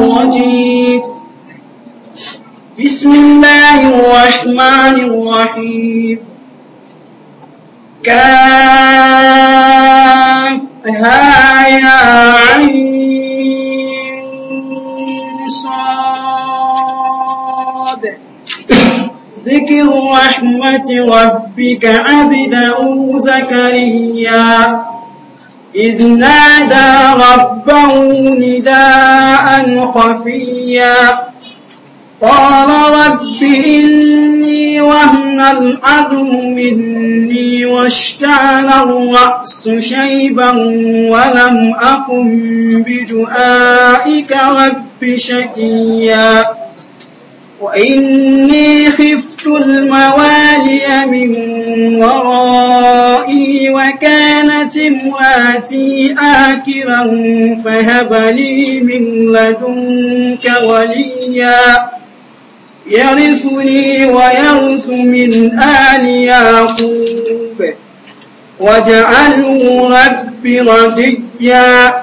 الرجيم بسم الله الرحمن الرحيم كافها يا عين صاد ذكر رحمة ربك عبده زكريا إذ نادى ربه نداء خفيا قال رب إني وهن العظم مني واشتعل الرأس شيبا ولم أقم بدعائك رب شقيا وإني خفت الموالي من ورائي وكانت امراتي آكرا فهب لي من لدنك وليا يرثني ويرث من آل يعقوب واجعله رب رضيا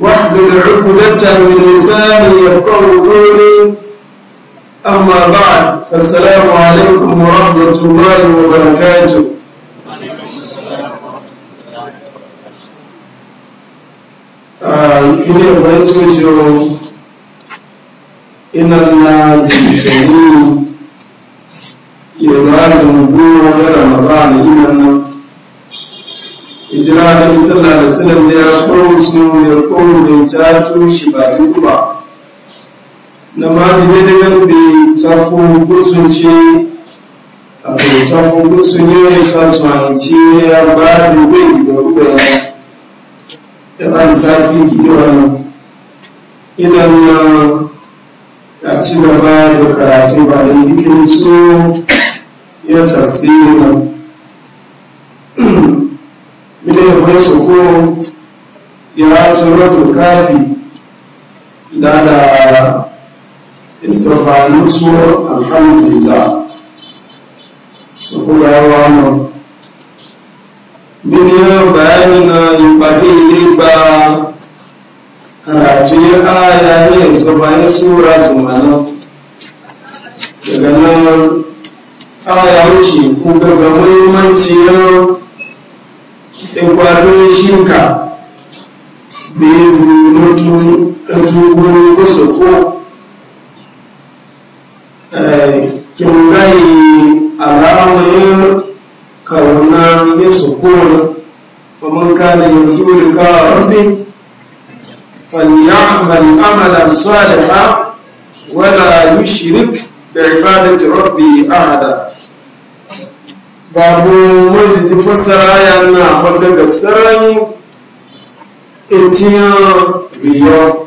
واحد عقدة من لساني يفقه قولي أما بعد فالسلام عليكم ورحمة الله وبركاته وعليكم السلام ورحمه الله وبركاته o ńlá ìtẹ̀lú ìrọ̀ àrùn gbóòrò رمضان bàbá ijira da sallah da sallam da ya kawo su ya kawo da ya shi ba ba na maji ne da gan bai cafo gursun ce a bai cafo gursun ne wani sansu a ce ya ba da bai da ruwa ya ba da safi gidi idan na ya ci gaba da karatu ba da yi su ya tasiri miliyan mai soko ya suratul kafi da da istifanin su alhamdulillah su kuma yawa mu miliyan bayani na ipade ba karatu ya aya ne zabayin sura zumana daga nan aya wuce ko gaga muhimmanci egwado shinka da ya zuru tugurin kusa ko kimgai eh, alamar kauna ya sukuna faman kana yanzu da kawo rabbi فليعمل عملا صالحا ولا يشرك بعبادة ربه أحدا babu majiji fassara ya na fargaga sarai etiyan riyo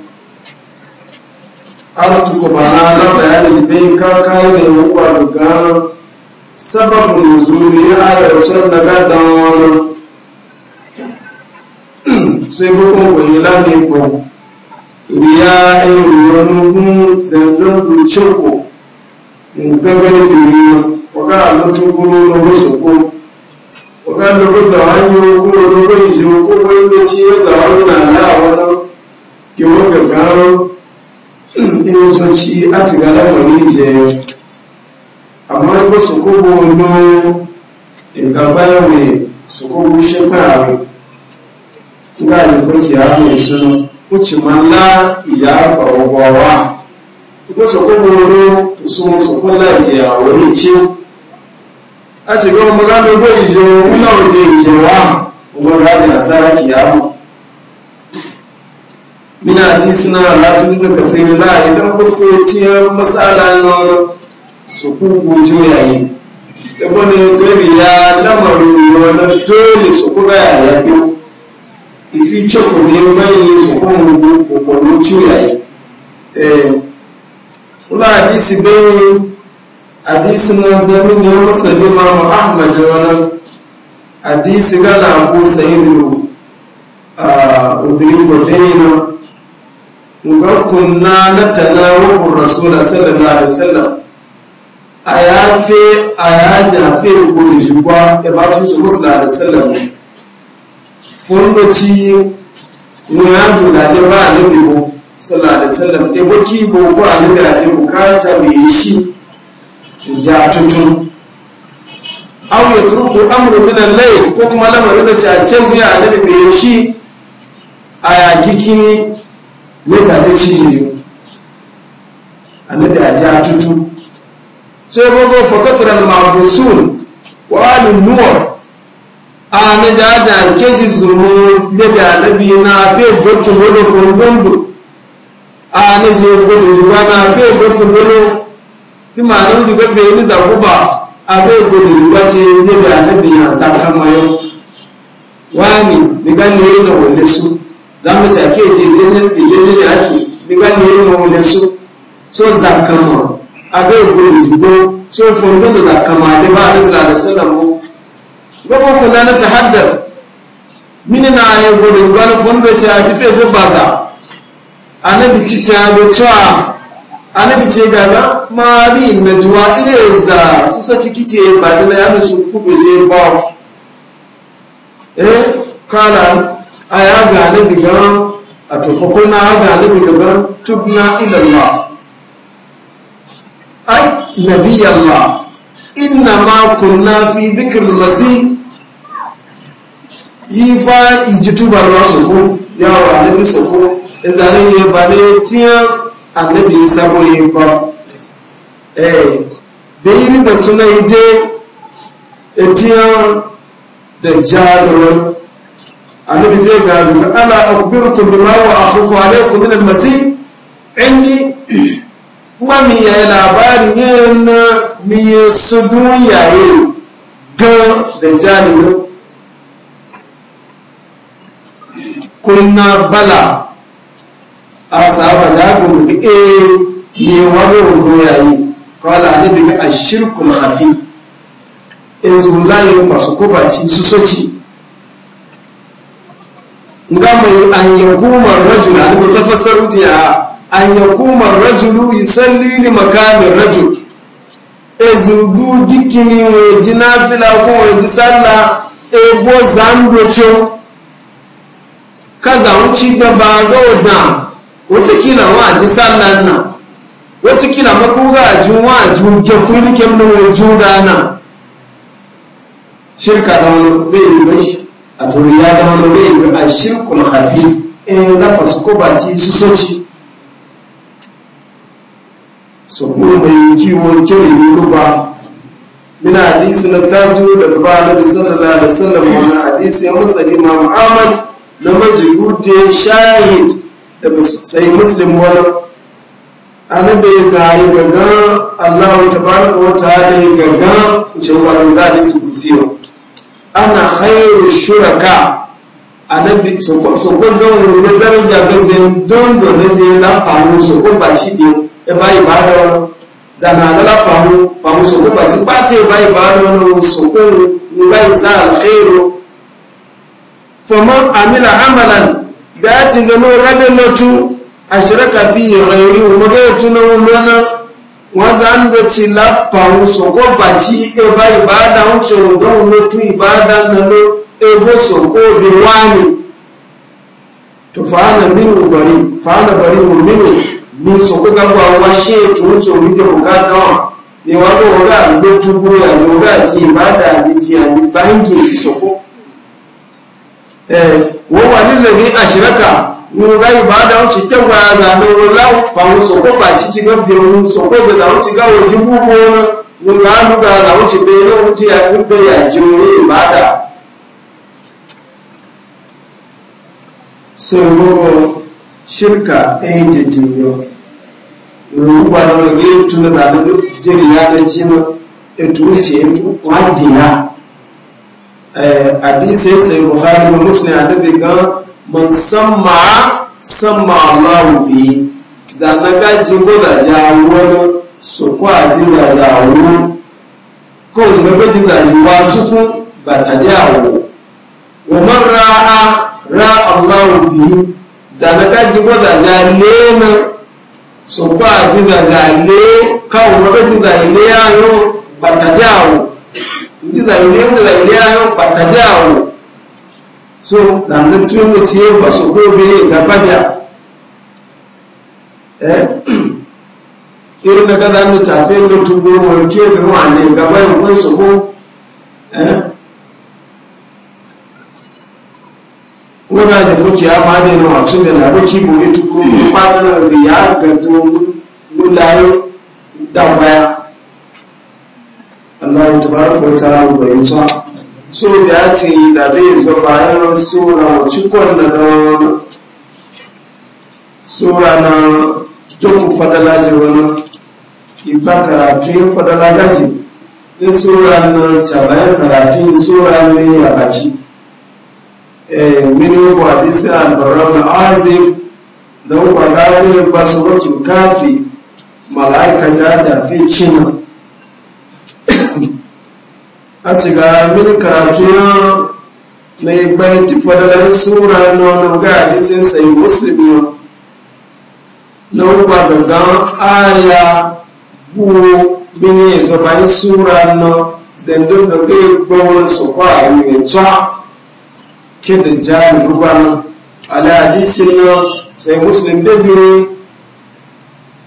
artuku bana na bayani bin da ne wuwa daga sababin zuri a yarshen daga dawonan sai bukun wahila ne ko riya in riyo nukun zanzan dukkan ko gagari riyo waga alotun kuro lobo soko waga lobo zawanyo kuro lobo ijo ko wani lokaci ya zawanyo na na a wannan ke wanga gano in so ci a ti ga lamari je amma ko soko bo no nǹkan báyọ̀ wẹ̀ soko bo ṣe pẹ́ àwẹ̀ nígbà tí fọ́kì àwẹ̀ ìṣúná ó ti wa ko soko bo no ìṣúná soko láì a ci gaba ba gano ko ijo muna wanda ijo wa wani hajji a tsara kiyamu mina hadisi na lafi zuwa kafirin na idan kurko tiyar matsala na wani su kuku juyayi da wani gari ya lamarin wani dole su kuka ya yafi ifi cikin ne mai su kuma kuku juyayi eh wani hadisi bai hadisi na gami ne musnadi ma ahmad wani hadisi gana abu sa'idu a udriko dayina ga kunna na tanawuhun rasula sallallahu alaihi wasallam a ya fi a ya jafe gudun shi kwa ya ba tun su musu da sallam mu ya tuna da ba a mu sallallahu alaihi wasallam da baki ko ko a nabi a nabi ka ta mai shi ja tutun aw ya turku amru min al ko kuma lamarin da cace zuwa annabi bai shi a yakikini ya zaɓi cije ne a ja tutu sai gogo fa kasran mabusul wa alun nuwar a na jaja keji zuru da galabi na fe barku wani fungundu a na je gudu zuwa na fe barku wani bí màá ló ti gbèsè nísàkúfà abẹ́ ìgbòdò níbi ànábìyàn sàkámayọ́ wani nigan ne yana wale su za mu take jejenin ilenin ya ce nigan ne yana wale su so zakama abẹ́ ìgbòdò ìgbò so fundin da zakama da ba a nisra da sallama gbogbo na ta haddar mini na ayi gbòdò ìgbòdò fundin ti fi gbogbo ba sa anabi ce gaba mari na juwa ina za su sa ciki ce ba da na yana su kube zai ba eh kala a ya ga anabi ga a tofa na ga anabi ga tubna ila Allah ai nabi Allah inna ma kunna fi dhikr al yi fa ba Allah soko yawa anabi soko ezanin ye ba ne tiyan annabi isa yi ba eh bayiri da suna yi ide etiyan da jadawar annabi zai ga duka ana akbirukum bima wa akhufu alaykum min al-masih indi kuma mi ya ne na mi ya su dunyaye ga da jadawar kunna bala asaba za ku mutu eh ne wani ya yayi kwala ne daga ashirkul hafi izulayi masu kubaci su soci nga mai an yankumar rajul an ku tafassar ya an yankumar rajulu yusalli li makamin rajul ezugu dikini weji nafila ko weji sallah ebo zandocho kaza wuci da ba ga wadan watakila wa ji sallan nan watakila makuga a ji wa ji jakuri ke mun wai da nan shirka da wani bai yi gashi a turiya da wani bai yi a shirkul hafi in eh, lafa su ko ba ci su soci su kuma bai kiwo ni ne ba Ina hadisi na tajo da ba na da sallallahu alaihi wasallam wannan hadisi ya musa imam Muhammad na majrude shahid sai muslim wani annabi ga yi gaga Allah ta baraka wa ta'ala yi gaga ce wa da su ana khairu shuraka annabi so ko so ko ga wani da daraja ga zai don da ne zai da famu so ko ba shi ne e bai ba da zana la la famu famu so ko ba shi ba te bai ba da wani so ko ni bai za alkhairu man amila amalan da ci zano radin na tu a shirka fi rairi umaru ya tuna wulona wazan da ci lafawu so ko baci e ba ibada wuce ruga wulo tu ibada na lo ebo bo so ko bi wani to fa na minu bari fa ana bari mu minu min so ko ga wa wa she to wuce mu da bukata wa ne wa ko ga lo tu ya lo ga ji ibada bi ji ani bangi so ko wọ́wà nílẹ̀ ní àṣírẹ́kà nínúgbà ìbáadà ó ti tẹ́gbà àzàmì ọláwù fàwọn sọ̀kọ́bà títí gẹ́gẹ́ ohun sọ̀kọ́bẹ̀dà ó ti gáwọ̀ ojú gbogbo wọn nígbà àwọn ti bẹ ilé oúnjẹ orí so gbogbo Eh, hadisi ya sayi buhari wa muslim annabi ga man samma samma allahu bi zana gaji gwada jawo su kwa jiza dawo ko da jiza su ku ba ta dawo wa man ra'a ra allahu bi zana gaji gwada na su kwa jiza jiza ba ta ti zaile mu zaile ayo patadawo so zanne tuyo ci e baso ko be da baja eh irin da kaza ne tafe da tubo mu ce ga wanne gaba yin kun su ko eh wanda ji fuki ya ma na wasu da na baki ya tubo mu fata na riya ga to mu layo da baya Allah tabaraka wa ta'ala bai so so da ce da zai zo bayan sura wa cikon da don sura na tukun fadala ji wani ibba karatu yin fadala gaji in sura na cabayan karatu yin sura ne ya baci eh, mini wa hadisi al na azim da wa gari ba su wakin kafi malaika ta fi cinan a ciga mini karatu ya na yi bayanci fadalan sura na wani ga hadisin sayi musulmi na uwa daga aya buwo mini ya zaba yi sura na zandun da zai gbawon su kwa a yi mai tsa kidan jami rubana ala hadisin na sayi musulmi da biyu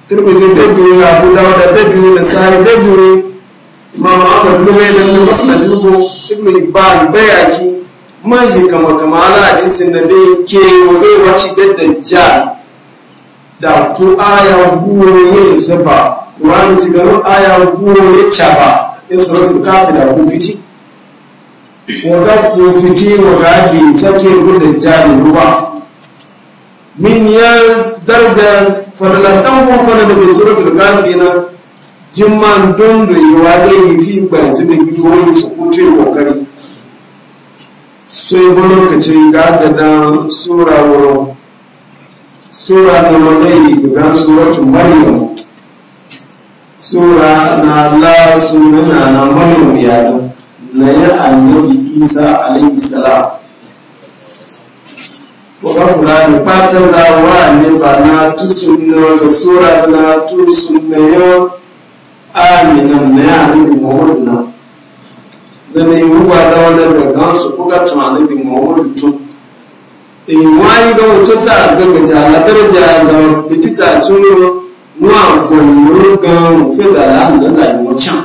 turbi da biyu abu dawo da biyu da sayi da biyu imam ahmad na bai dan masnadin go ibnu hibban bayaki maji kama kama ala hadisin na dai ke wani wace da dajjal da ku aya goro ne zuba wani ci garo aya goro ya caba ya suratul kafira ku fiti waga ku fiti waga bi take ku dajjal ruwa min ya darajar fadalan dan ko fadalan da suratul kafira jimman don da yiwa yi fi gbaji da gigoyin su kuce kokari sai ba lokaci ga da na sura wuro sura na mazai guda suratun maryam sura na la sunana na maryam ya na ya annabi isa alaihi salam kuma kula da fata zawa ne ba na na wata sura na na yawan aminan na ya annabi muhammadu na da mai ruwa da wani daga su kuka tun annabi muhammadu tun in wani ga wata ta daga jaladar ja zama fitita tuno nwa kwanu ga rufe da alamu da zaɓi wancan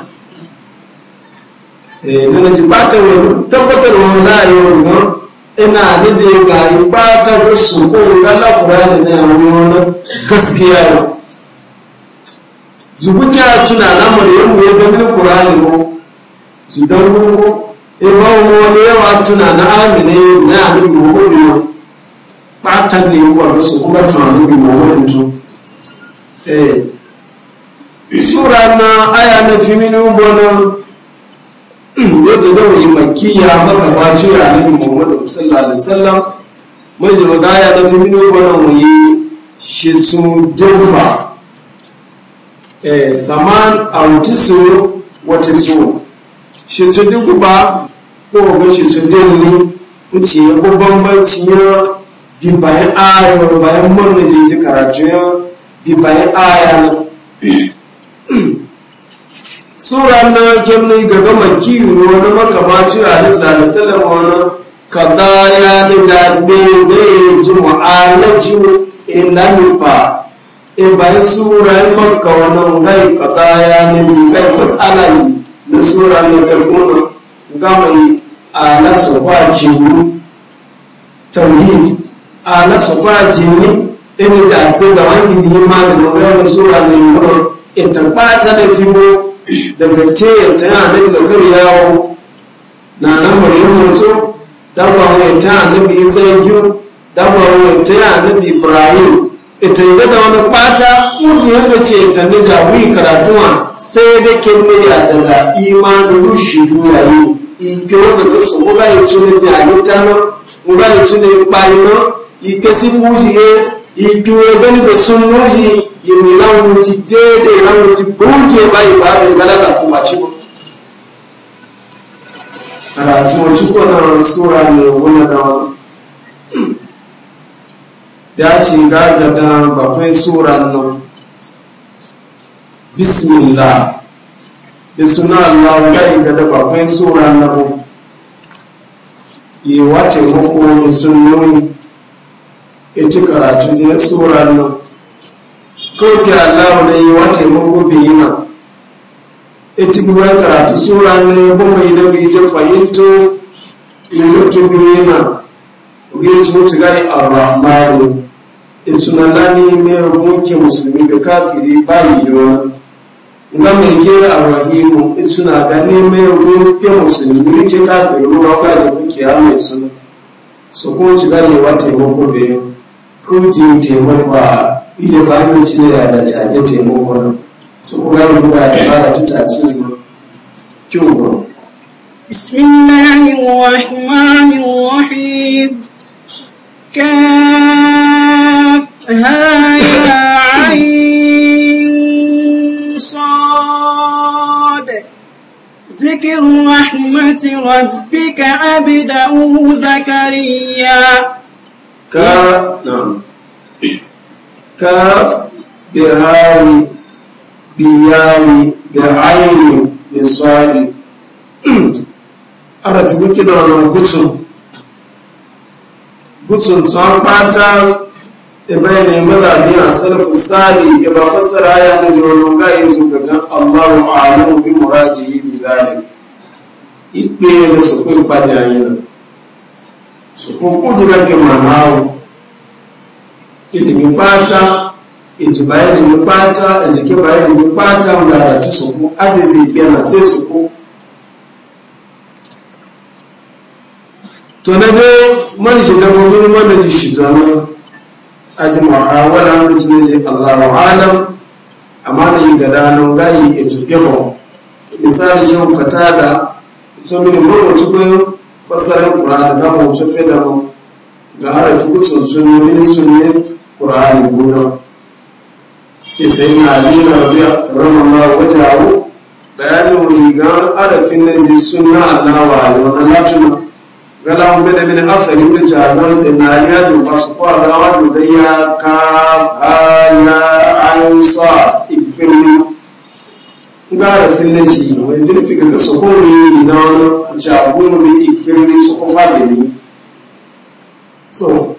nana ji bata wani tabbatar wani ra'ayi wani ina da ga yi bata wasu ko ga lafura da na yawon gaskiya yau zubuta tuna namu da yamu ya gamin kurani ko su dan ruwo ibawo e wani yawa tuna na amine na amini ko yau patan ne kuwa su kuma tunanin bi muhammadu to eh sura na aya na fimini ubona yadda da mai makiya maka ba ci ya ko muhammadu sallallahu alaihi wasallam mai zama aya na fimini ubona mu yi shi tun dabba Eh, zaman a wuce su wata su shi tu duku ba ko ga shi tu dinni wuce ya ko bambanci ya bi bayan aya wa bayan murna zai ji karatu ya bi bayan aya sura na kemni ga gama kiwi wani makamaci a nisa da salama wani kada ya ni zaɓe da ya ji mu'alaci in lamifa e bayan sura makka wannan gai qadaya ne gai masala yi na sura ne ga kuma ga mai ala sofa jini tauhid ala sofa jini ɗin da ake zaman gizi yin malamin gai na sura ne ita bata da fimo daga teyar yana nabi zakari yawo na nan maryam mutu dabba mai ta nabi isa nabi ibrahim ita yi da wani fata mujiyar da ce ta nija karatuwa sai da kemme ya da za imanin rushe duniyayi ike wata da su muga yi tuni ji halitta na muga yi tuni kpari na ike si fujiye ike wani gani da sun nuji yi ni lamun ji daidai lamun ji goge bayi ba da kuma ci ba. sura ne wani da wani ya ce gaga da bakwai tsoron nan bismillah da suna allahu gai ga gada bakwai tsoron nan yi wata sun nuni ya ci karatu da tsoron nan kawai allahu na yi wata mafi biyina ya ci gaba karatu tsoron nan ya kuma yi da biyu da fahimto ya mutu biyina ya ci mutu gai arrahmanu isunana n'ime hukuncin musulmi da kafiri bayi yiwuwa na mai ke arrahimu isuna ga n'ime hukuncin musulmi ke kafiri ruwa ba su fuke ya mai suna su kuma shiga yawa taimako da yau kuji taimako a na su kuma yi ruwa da fara tuta ci ne kyau بسم الله لها يا عين صاد ذكر رحمة ربك عبده زكريا كاف نعم كاف بهاوي بياوي بعين بصاد أردت بكنا أنا بطن بطن صار ibayne mazani a salafu sali ya ba fassara ya na jiwon ga yi su bi muraji yi bi zalim ipe da su kun fada yana su kun kudura ke manawo ilimin fata iji bayan ilimin fata a jike bayan ilimin lalace su kun sai su kun to na dai man shi shi ajmaha wala mutum je Allahu alam amma ne ga danon gayi e mu misali shi ka tada so mini mun wuce ko fasarar Qur'ani da mu wuce fe da mu ga harafi kucin sun ne sunne Qur'ani gona ke sai na ali na rabiya ramallahu wajahu bayanin ga arafin na sunna Allah wa yau na gala mu da min asali da jalan sai na ya da masu kwada wa da ya ka ya ansa ikfirni ngara finne shi wani jirfi ga su kore na wani jagun mai ikfirni su kofa da ni so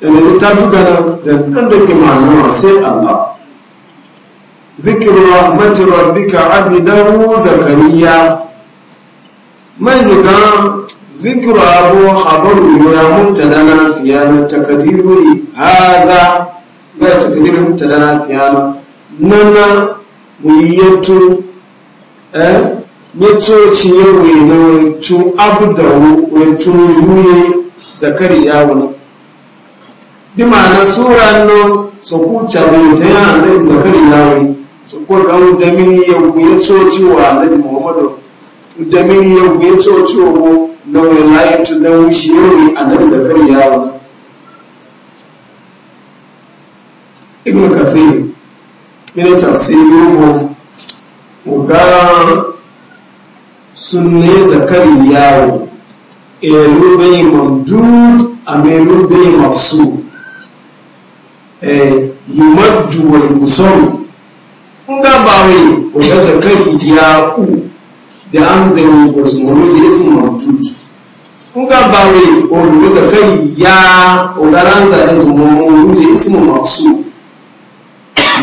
yana da ta tuka na zannan da ke ma'anuwa sai allah zikiru rahmatu rabbika abidahu zakariya mai zuga ذكر أبو خبر يا مبتدأ في أنا تقدير هذا ما تقدير مبتدأ في أنا نما ويتو eh yato shi ne wai na wai abu da wai tun ruye zakari ya wani bi ma'ana sura no so ku ta bai ta ya zakari ya wani so ko da wani da muhammadu da mini yau ya coci ogo na wani layin tun da wuce yau ne a nan zakar yawon ibn kafir yana tafsiri ko ga sunne zakari yawo elu bai mamdud amelu bai mafsu e, yumaddu wa yusaru nga bawe ko ga zakari yawo da an zai wasmoni da isin matutu ga ba wai olubu zakari ya olaranza da zumonu da isin masu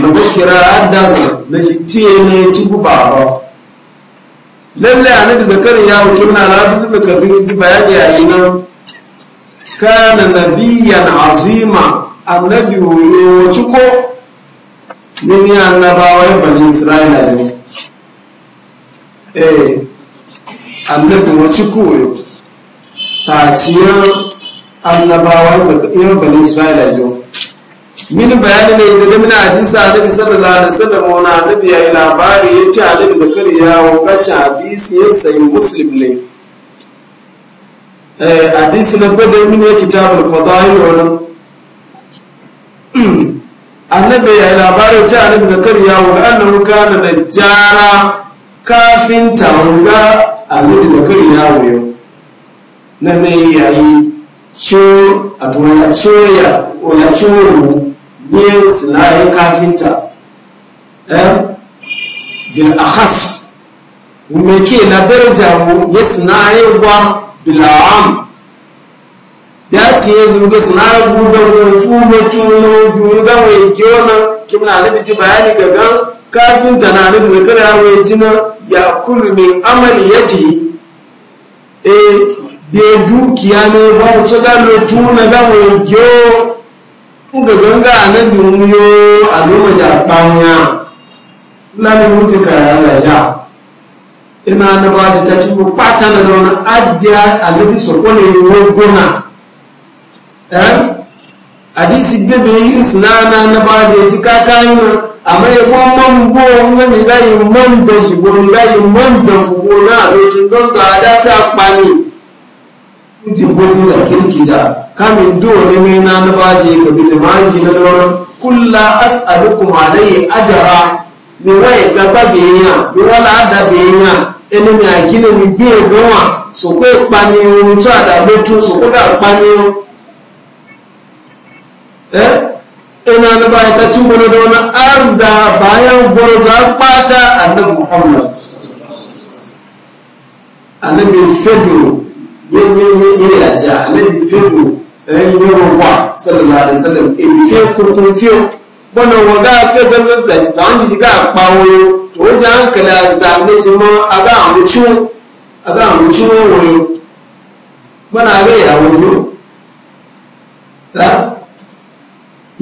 na bukira adasa na jitiye na tubu baba lalle annabi zakari ya hukum na lafi da kafin ji bayani a yi nan kana nabiyan azima annabi wuyo ciko ne ni annabawa ya bani isra'ila ne eh annabin wacce koyo ta ciyar annabawa zakiyar bani isra'ila yau min bayani ne daga mina hadisa annabi sallallahu alaihi wasallam wani annabi ya yi labari ya ce annabi zakariya wakacin hadisi ya sayi muslim ne eh, hadisi na bada min ya kitabul fadahil wannan annabi ya yi labari ya ce annabi zakariya wakacin annabi kana najjara kafin taronga annabi zakariya yau na mai yayi cho atuna choya ola choru biyan sinayen kafinta eh bil akhas ke na daraja mu ya sinayen gwa bil'am ya ce ya zuga sinayen guga wani tsuba tuno duga mai kyona kimna na ji bayani ga gan kafinta na annabi ya ji jina ya kulu min amali yadi e be dukiya ne ba wuce gano tuna ga mu yo kuga ganga anabi mu yo a goma ja panya mu mutu kara ya ja ina na ba ji ta tubu pata na dona adja anabi so ko ne wo gona eh hadisi bebe yirsinana na ba ji ta na. amma ya kuma man bo nga mi yi man da shi bo mi yi man da ko na lokacin don ga da ta kpani ji ko kirki za kamin do ne mai na na baje ka bi ji na zaman kulla as'alukum yi ajara mi wai gaba be ya mi wala da be ya ẹni mi gina mi gbé ẹ̀gán wà sòkó ìpani ohun eh? tó àdàgbójú sòkó da pani ohun ẹ́ ina na ba ta tuba na da wani arda bayan gwarza bata annabi muhammad annabi fedro yanyanyi ya ja annabi fedro ɗan eh, yawon kwa sallallahu alaihi wasallam in fiye kurkun fiye wani waga bọ́nà wọn bá fẹ́ gẹ́gẹ́ fẹ̀sì to wajen hankali a wọn tó ma a ga ṣe mọ́ abá àwọn tí wọ́n wọ̀nyí bọ́nà abẹ́ ìyàwó yìí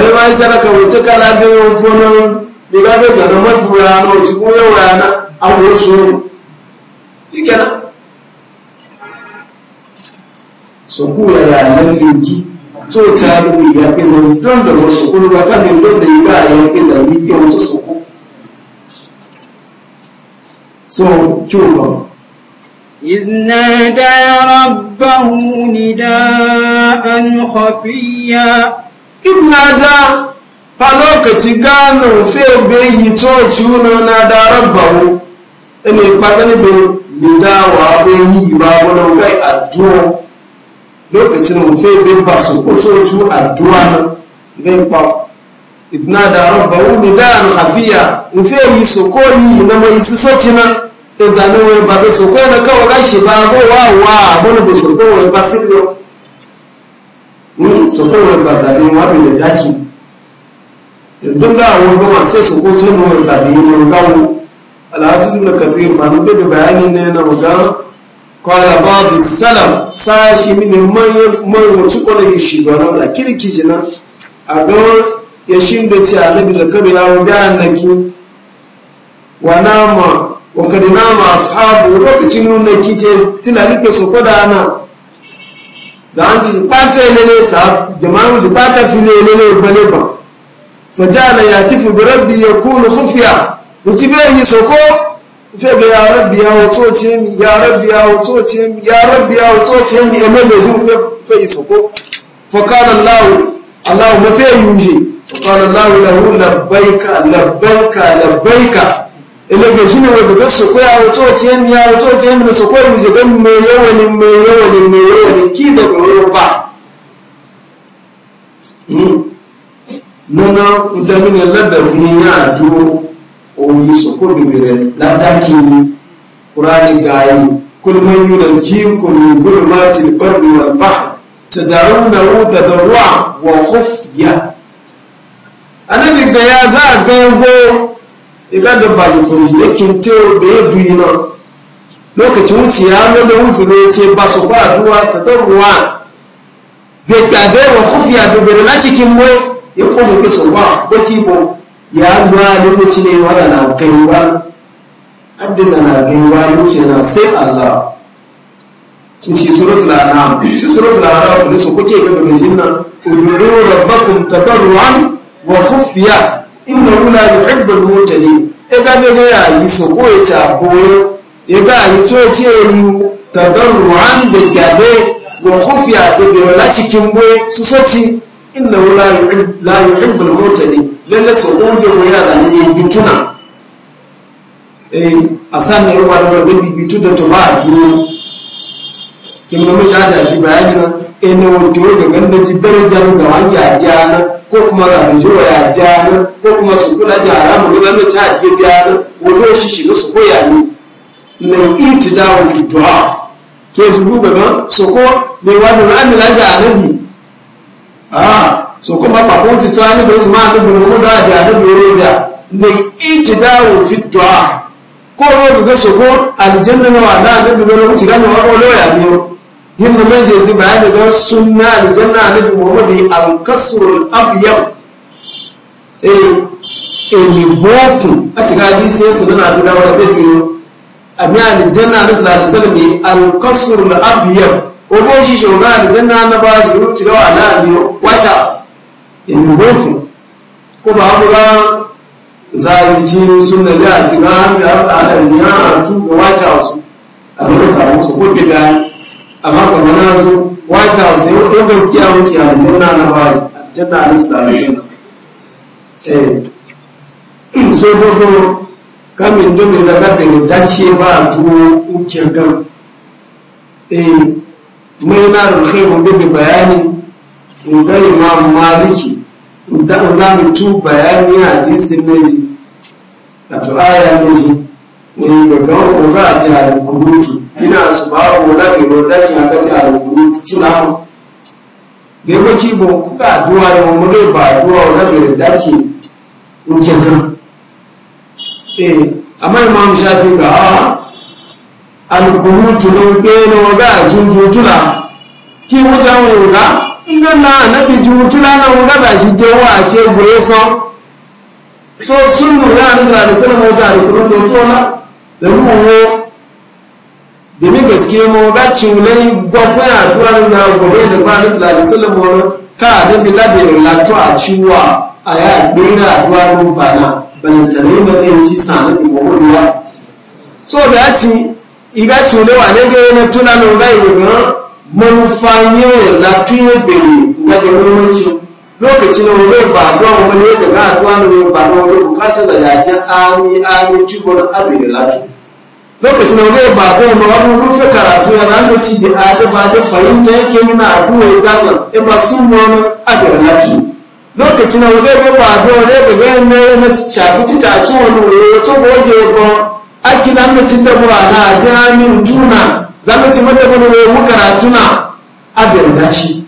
ẹ̀rọ yi tí kàlá kala wọn fún náà bí gábẹ́ gàdọ̀ mọ́fù ya náà yau kún a ya náà àwọn oṣù oòrùn tí kẹ́nà sọ̀kú ẹ̀yà lẹ́nu ìjì tó ti a lórí ìyá pẹ́sẹ̀ ní dọ́ndọ̀ wọ́n sọ̀kú ya bá yi lọ́dọ̀ ìgbà so إذ نادى ربه نداء ina da fa lokaci gano febe yi coci na na da rabbawo ina ni bin nidawa abin yi ba wani kai addu'a lokacin febe ba su ko coci addu'a na zai fa ina da rabbawo nidawa hafiya fe yi su ko yi na mai su soci na da e zanen ba be su ko na kawai gashi ba ko wa wa wani be su ko wai ba sirriyo su kowar ba zaɓe wani da daki za a awon gama sai su ko ce mu zaɓe ne ga mu alhafiz na kathir ba mun da bayani ne na kwala ba da salam sashi shi man mai wacce ko da shi zuwa na kirki na a ga ya shi da ce annabi zakaru ya wa ga naki wa nama wa kadinama ashabu lokacin nuna kice tilani su kwada ana. zangi pata elele sahabu jamaa zipata fili elele baleba fajala yatifu birabbi yakunu khufya yi soko fege ya rabbi ya ce mi ya rabbi ya ce mi ya rabbi ya wotoce mi emele zin fe fe soko fakana allah allah ma fe yuje fakana allah lahu labbaika labbaika labbaika ilege shine wai gasu su koya wato ce mi ya wato ce su koyi mu ga me yawanin me yawanin me yawanin ki da goyo ba nana da min ladda mun ya ju o su ko bibire Na daki ni qur'ani gayi kul man yunjikum min zulumatil barri wal bahr tad'una tadarrua wa khufya annabi ga ya za a gango. iga da ba zikuri ne kin teo da ya duyi na lokacin wuce ya nuna wuzu ne ce ba su ba duwa ta daruwa da kyade wa kufiya da bere na cikin mai ya kuma ke sauwa ba baki bo ya nuna lokaci ne wada na gaiwa addiza na gaiwa lokaci na sai allah kici suratul anam kici suratul anam da su kuke ga gajin nan uduru ta tadarruan wa kufiya inna rula yuhibbul mutali e ga be ga yi so ko e ta boyo e ga yi so ce yi tadarruan da gade wa khufiya da be la cikin boye su soci inna rula la yuhibbul mutali lalle so ko je ko ya da ne bituna eh asan ne ruwa da bitu da to ba duniya in na mu jaja ji bayani na in na wanke ga ganda ji darajar zaman ya jana ko kuma ga da jiwa ya jana ko kuma su kula ji haramu ga ganda ci hajje jana wato shi shi su koya ne na iti da wa fi ke su buga ga so ko ne wani rami na ja anabi a so kuma ba ko ci tsani da su ma da mu da ja anabi ne da na iti da wa fi ko ro ga so ko aljanna na wala da bi ga mu ci ga mu wa ko lo ya biyo himma man zai ji bayani ga sunna aljanna annabi muhammad al-kasrul abyad eh emi boku a cikin hadisi su nuna guda wani bidiyo a biya aljanna da sallallahu alaihi wasallam al abyad ko ko shi shoga aljanna na ba shi ci gawa ala biyo wata emi boku ko ba ku ga zalunci sunna da a cikin hadisi a aljanna a wata su a musu ko amma kuma na zo white house yau ɗau gaskiya wuce a janna na bari janna a nusa eh shi so gogo kamin don da zaka da ni dace ba a uke ukin eh mai na rufe mun bi bayani mun ga imam maliki da na mu tu bayani ne naji to aya ne naji ne ga ga ga a jihar kurutu ina su ba wa lafi ba ta ci aka ci a rubutu mu ne ba ki ba kuka aduwa yau mu dai ba wula wa lafi da daki in ke kan eh amma imam shafi ga a ah, alkunutu na wuɗe na waga a jujula. ki wuce mu wuga in ga na nabi jujutula na wuga ba shi jewa a ce goye san so sun nuna a nisa da sanar mota alkunutu wata wala da ruwa domin gaske mu ga cinai gwakwai addu'a ne ya gobe da ba da sallallahu alaihi wani ka da bi da bi la to a ciwa a ya dira addu'a mun bana ban tare da ne ji sanin ko ruwa so da ya ci iga cinai wa ne ga na tuna na ga yi ga manufanye la ya bele ga da muhimmanci lokaci na wani ba addu'a wani ya ne ga addu'a ne ba da wani bukatar da ya ji ami ami cikon abin da latu lokacin da wani ba ko ma wani rufe karatu ya ran da da adaba da fahimta yake nuna abuwa ya gasa e ba sun wani agarnatu lokacin da zai ba ba do ga ganin ne na shafi tita ci wani wato goge ko aki nan da ci da burana jami'in juna mu ci mata bane mu karatuna agarnatu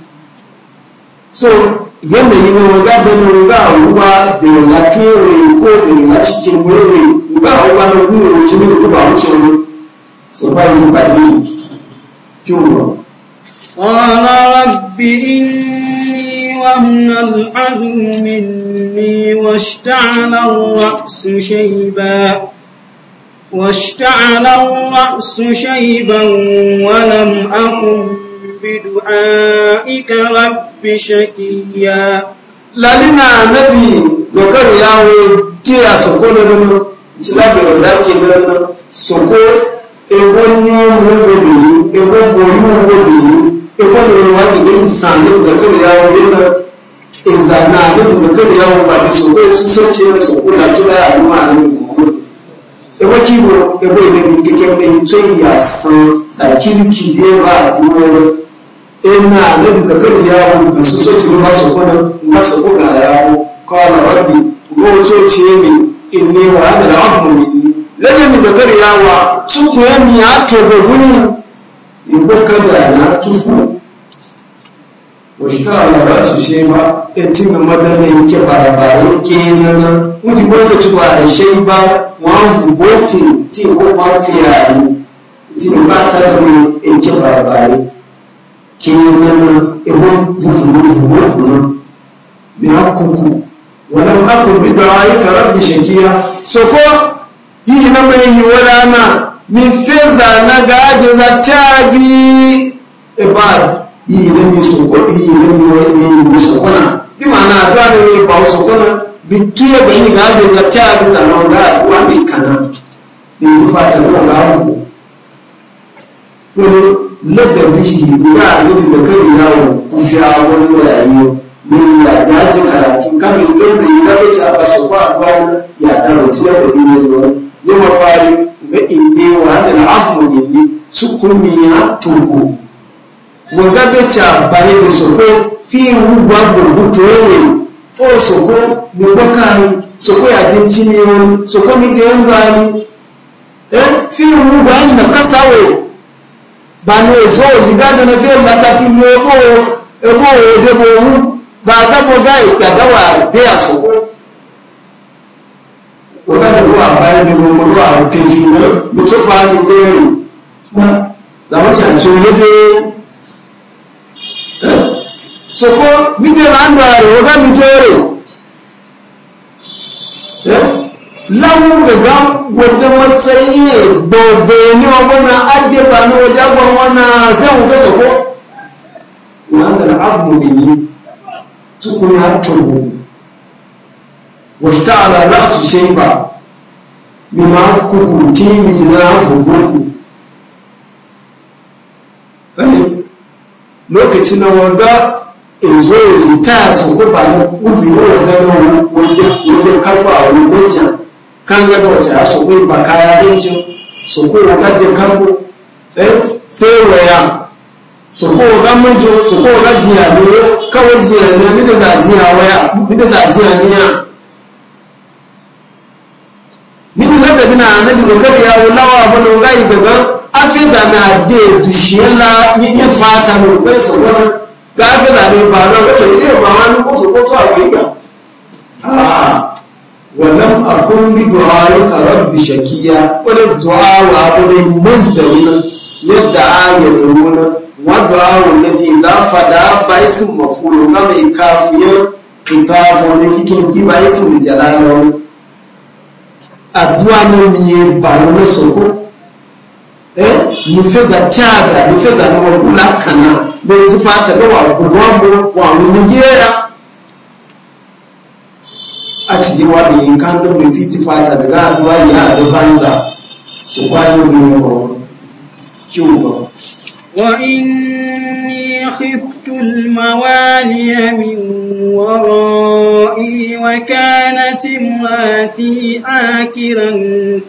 so yanayi na waga da na waga ruwa da waga tere ko da waga cikin wuri waga ruwa na kuma wuce mini kuma wuce wuri so ba yi ba yi kyuwa قال رب إني وهن العظم مني واشتعل الرأس شيبا واشتعل الرأس شيبا ولم أقم بدعائك رب rabbi shakiya lalina nabi zokar yawo tiya soko na nuna jilabe da ke nuna soko ego ni wugo bini ego boyi wugo bini ego ni wa gida insani zakar yawo yana izana nabi zakar yawo ba da soko ya su soce na soko na tula ya al'umma ne ego kibo ego ne bi kike mai tsoyi ya san tsakirki zai ba a tuwo ina na da zakari yawo da su so ci ba su kuna na su kuka yawo kawai rabbi gojo ce mi in wa hada da afu mi lalle mi zakari yawa su ku ya mi ya to ga guni in bukka da na tufu wa shi ta ala su she ma etin na ne yake barabaro kenan wuji gwanda ci ba da shai ba wa fu bokin ti ko ba ti yayi ti ba ta da mu yake barabaro kí gana ebo fúfúrú fúfúrú kùnà ní akùkù wọn akùn bí dọ̀rọ̀ ayé kàrà fi ṣèkíyà sọkọ yìí na mai yi wọ́n dáná mi fẹ́zà na gajin za tábí ibar yìí na mi sọkọ yìí na mi wani ní mi sọkọ na ma na adọ́ da yìí ba sọkọ bi tuye ga yìí gajin za tábí zanen ga wani kana ne tufa ta ga wani ladabi shi guda ne da zakari yawo kufiya wani wayayo ne ya jaji karatu kamin don da yi gabaci a basu kwa abuwa ya kazanci ladabi ne zuwa yi mafari ga inne wa na afu ne su kumi ya tuku mo gabaci a bayi da soko fi rugwa gurgutu ne o soko ne bakari soko ya dinci ne wani soko mi da yan gani eh fi rugwa na kasa kasawe bani èso òṣìgáde ní fíìmù látàfi mú ẹgbó òdebo ohun gba agbẹ́gbọ́gá ìgbàdáwà bí àsòwò wọ́n bá dẹ̀wọ́ àbáyé ní mi déèrè. lawu gaga wadda matsayi bobeni wa wana adeba ni wadda gwan wana sai wuta sako wanda na abu bini tukuni har turbo wata ala za su ce ba bima kukuti mijina fugugu wani lokaci na wanda ezo ezo ta su kufa na uzuri wanda na wanda karba wani gwajin kan ga wace a su kuyi ba kaya bincin so kuyi wakar da kanku eh, sai waya so ko ga manjo so ko ga jiya ne kawai jiya ne ni da za jiya waya ni da za jiya niya ya ni da da bina na bi zakariya wallahi ba no gai daga Afisa na de dushiyalla ni ne fata mu kai so ga afiza ne ba na wace ne ba wani ko so ko to a kai ga ولم أكن بدعائك رب شكيا دعاء وأقول مزدرنا للدعاء يفهمون ودعاء الذي لا فدا باسم مفعول كما كافيا كتاب ونفكر في باسم جلاله addu'a na miye ba wani soko eh nufe za caga nufe za na wakula kana bai ji fata wa gudu wa wani a cikin wadda yin kando mai fiti fata daga haduwa ya haɗu banza su kwayo mai yawa kyau ba وإني خفت الموالي من ورائي وكانت امراتي آكرا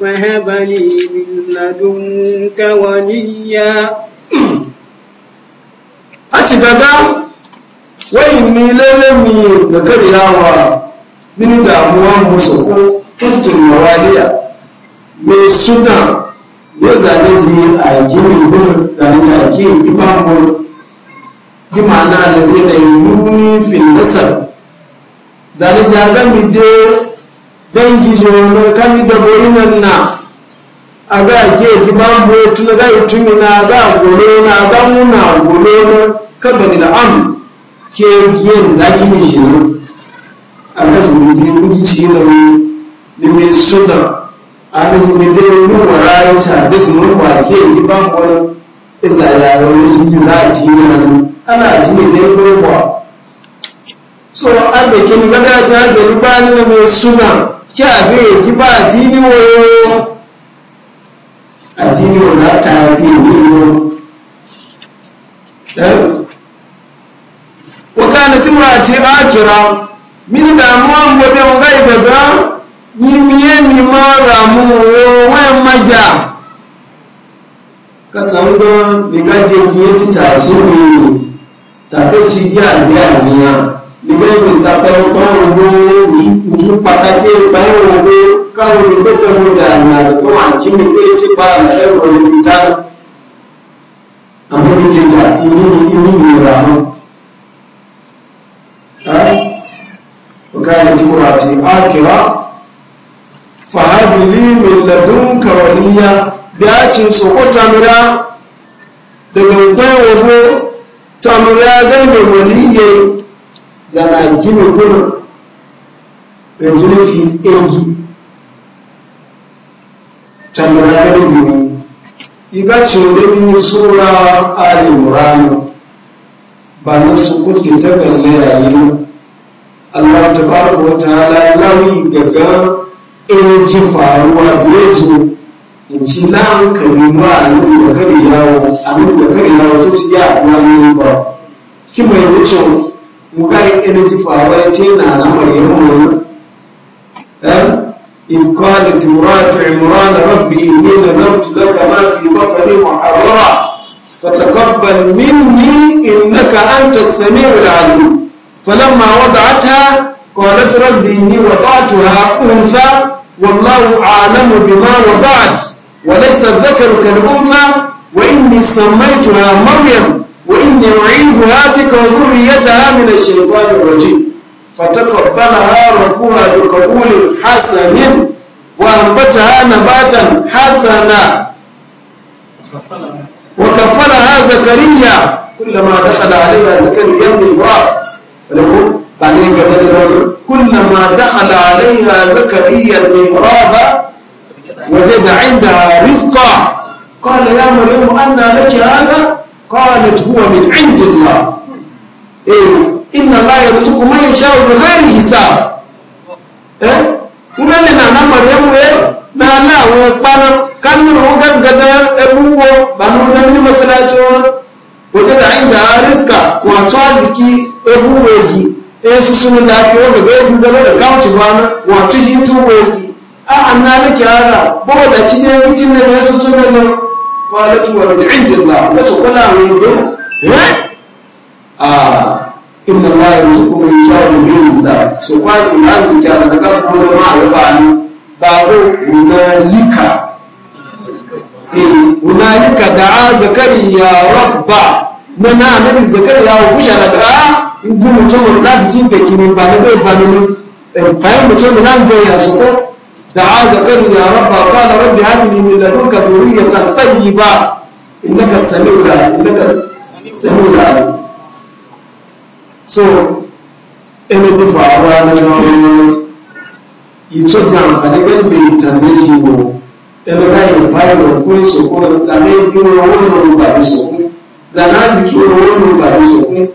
فهب لي من لدنك وليا أتدقى وإني للمي ذكر يا mini damuwa musu ko kaftun mawaliya mai suna ya zane su yi a gini zane a gini giban da zai na yi nuni fin nasar zane jagami de dangi jona kami na a ga ge giban botu na ga itumi golo na ga muna golo na kabari da am ke yin zaki alazumide ngicilami nime suna alazumide nuwaraita bisimin wake ni bambona iza yaro ya jiji za a tiyo ni ana jini dai kwaiwa so abe kini gaga jaje ni ba ni mai suna ki abe ki ba dini wayo addini wanda ta fi yiwu eh? wakana simra ce akira mini damuwa ngobe ngai gaga ni mima ramu we maja katsanga nigade kiyeti tachimi takechi gya gya ta nigade nitapa kwa ngo uju patate pa ka kawo ni bese mo da na ko an kimi kiyeti pa na ero ni bitana amuri kinda ini ini ni ramu ah وكانت امرأتي آكرا فهب لي من لدنك وليا بأتي سقوط أمرا daga gwayowo ta mura garbe waliye zana gini gudun yanzu nufi egi ta mura garbe waliye iga cire mini sura ali murano ba na su kudin takarda yayin Allah ta baraka wa ta'ala lawi gaga in ji faruwa da zo in ci na hankali ma a nan zakari yawo a nan zakari yawo ta ci ya na ne ba ki mai wucin mu ga ji faruwa ce na na maryamu ne na إذ قالت امرأة عمران ربي إني نذرت لك ما في بطني محررا فتقبل مني إنك أنت السميع العليم فلما وضعتها قالت رب إني وضعتها أنثى والله أعلم بما وضعت وليس الذكر كالأنثى وإني سميتها مريم وإني أعيذها بك وذريتها من الشيطان الرجيم فتقبلها ربها بقبول حسن وأنبتها نباتا حسنا وكفلها زكريا كلما دخل عليها زكريا من ba kullama dakhala alayha zakariya al-mihraba wajada 'indaha rizqa qala ya maryam anna laki hadha qalat huwa min 'indillah eh inna la yarzuqu man yasha'u bighairi hisab eh unane na na maryam we na na we pano kan ru gan gada e buwo ba mun gan ni masalacho wajada 'indaha rizqa wa tawziki ebuweji esusunu zaki wanda ga ebu gaba da kawci bana wato shi tuweji a anna nake hada bawa da ci ne mutum ne ya susunu zan kwalatu wa min indillah wasu kula mai gina eh? a inna ma ya rusu kuma yi shawar da yin sa so kwani na arziki da daga kan kuma ma a yaba ni ba ko eh, da a da'a zakariya rabba na na annabi zakariya wa fushara a. ibu mutum wani laficin da kimi ba na bai fanini bayan eh, mutum na nan ya su ko da a zakari ya rabba ka da rabbi hadini min ladunka zuriyatan tayyiba innaka samiu inda ka samiu da so energy for our na ito jamfani gan bai tambaye shi ko ɗan rayin fayar da kuwa sokon tsare kiwo wani ba da sokon zana ziki wani ba da sokon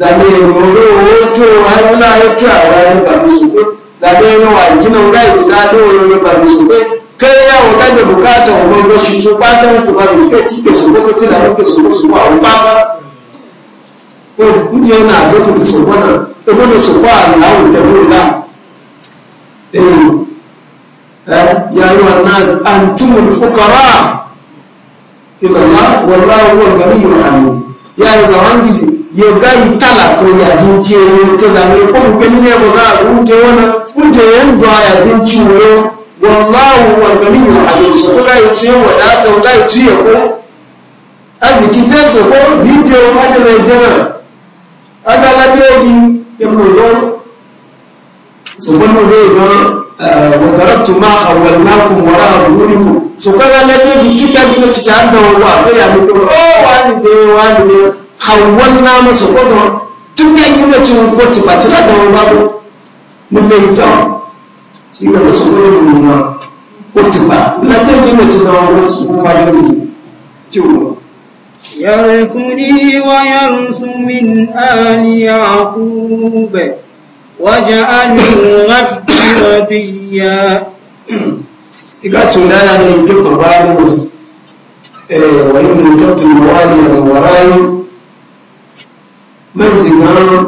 zamiri moro woto hayona yoto awayo bamisube zamiri wagina ungaiti nadoolono bamisube keya wakade bukata umongo na zote kusokwana eh, eh, ya ayyuha nas ila Allah wallahu hamid ya yoga italaka oyo abinci eyo tolanga ekomukwe nineeboga unte wona unte yendwa yabinci uyo wallahu walganiyu halisu ulaituye wadata ulaituye ko azikise soko zite omadela ejana agaladeegi emugo sokonoveega uh, wadaraktu ma khawalnakum waraa zuhurikum sokagaladeegi cukagino citaandawo wafe yamikolo o oh, wani de wani de hawalna masa kodon tun ya yi mace kotu ba cira da wani babu mun bai ta shi ga masu kodon nuna kotu ba na kan yi mace da wani su kuma ne ciwo يرثني ويرث من آل يعقوب واجعله ربي رضيا إذا تنانا من جب بالغ وإن جبت مواليا من ورائي manzi ga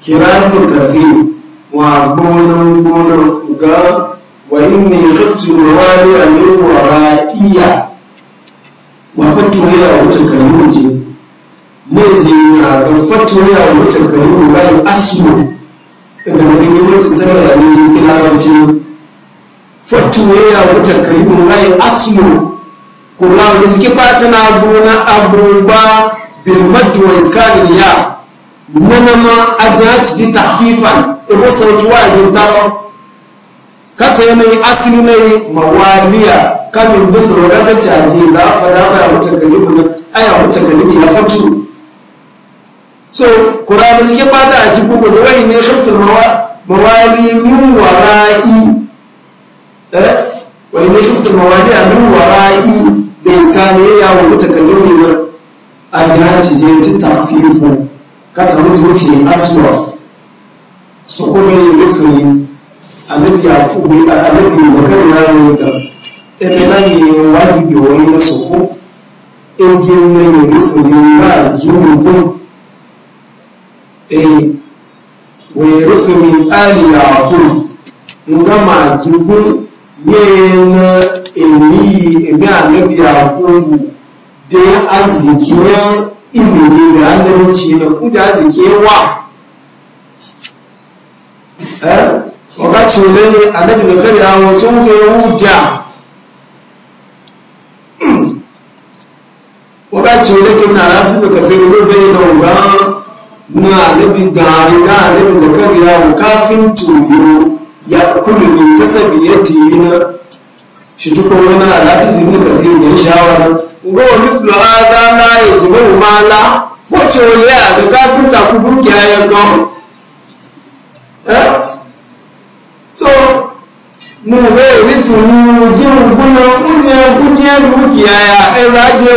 kirarun kafi wa gonan gonan ga wa in ne kaftu wani a yi wa ra'iya wa fatuwa ya wuce kalimu je manzi na ga fatuwa ya wuce kalimu ga yi daga magani wata sarara ne ilaranci fatuwa ya wuce kalimu ga yi asmo kula da suke fata na gona abubuwa bilmadu ya nanama ma a jaci ebo tafifan ibo sauki wa yin taro kasa yanayi asali na yi mawaliya kamin bin rorar da caji da fada ba ya wuce galibu na aya wuce galibu ya fatu so kura da jike fata a cikin da wani ne shafin mawali min wara'i eh wani ne shafin mawali a min wara'i bai sani ya wuce galibu na a jaci je ta tafifan kata wuce wuce aswaf su kuma yi rufin annabi ya tuɓe a annabi zakar ya rubuta ɗan nan ne wajibi wani na soko ɗangin ne yi rufin ba jini gun ɗaya eh, wai rufin aliya gun ngama jirgin emi emi annabi ya kungu da arziki ilimi da annabinci na kuta wa? zikewa eh? wakati ule annabi zakariya wato muka yahuda wakati ule kimna rasu da kafin rubai na uga na annabi ga ya annabi zakariya wa kafin tuyo ya kullu min kasabiyati na shi tukon wani alafi zini kafin da shawara ngowa mislu hadha la yajibu mala ya da kafinta ku burki ayan kan eh so mu be rifu ni jiru guna kuje kuje dukiya ya ezaje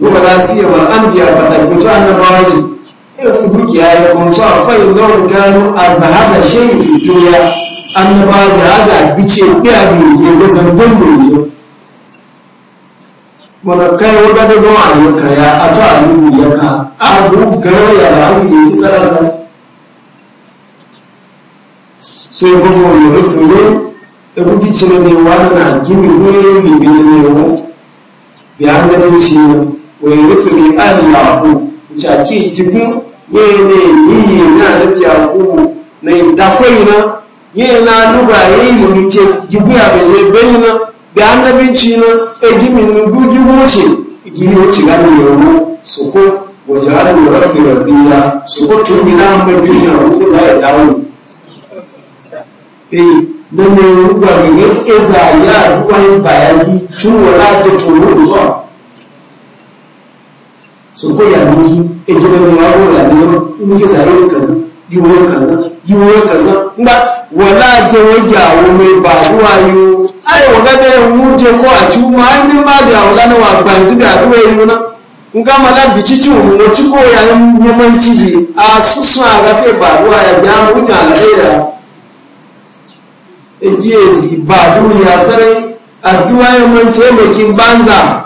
wa da siya wal anbiya ba ta ko irin dukiya kuma cewa fayin gawar gano a zahada shayin fitoya an na ba jihada bice biya biyu ke ga zantan biyu wanda kai wanda da gama a yanka ya a ta alubu ka a duk gaya ya da ake yi tsarar nan so ya gama wani rufe ne ya kuki cire gini ne mai biyu ne ya wo ya wani rufe ne an jaki jikun ye ne ni na da biya ku na da koyi na ye na luba ye ni ce jibu ya be je be na annabinci na e gimi ni buju moce giro ci ga ni yomo su ko wajara ni rabbi radiya su ko tumi na ba duniya ko za ya dawo eh nan ne ruwa ga ne eza ya ruwa bayani tun wala da turu zuwa so ko ya miki e gidan mu ya roya ne mu fi zai kaza yiwo kaza yiwo kaza ba wala ta waja wo mai ba ruwa yo ai waga da mu te ko a ci mu an ni ma da wala na wa ba ji da ruwa yo na in ga mala bici ci mu mu ci ko ya mu man ci ji a su su a ga ba ruwa ya ga mu alheri e ji e, ba ruwa sarai addu'a ya mance makin banza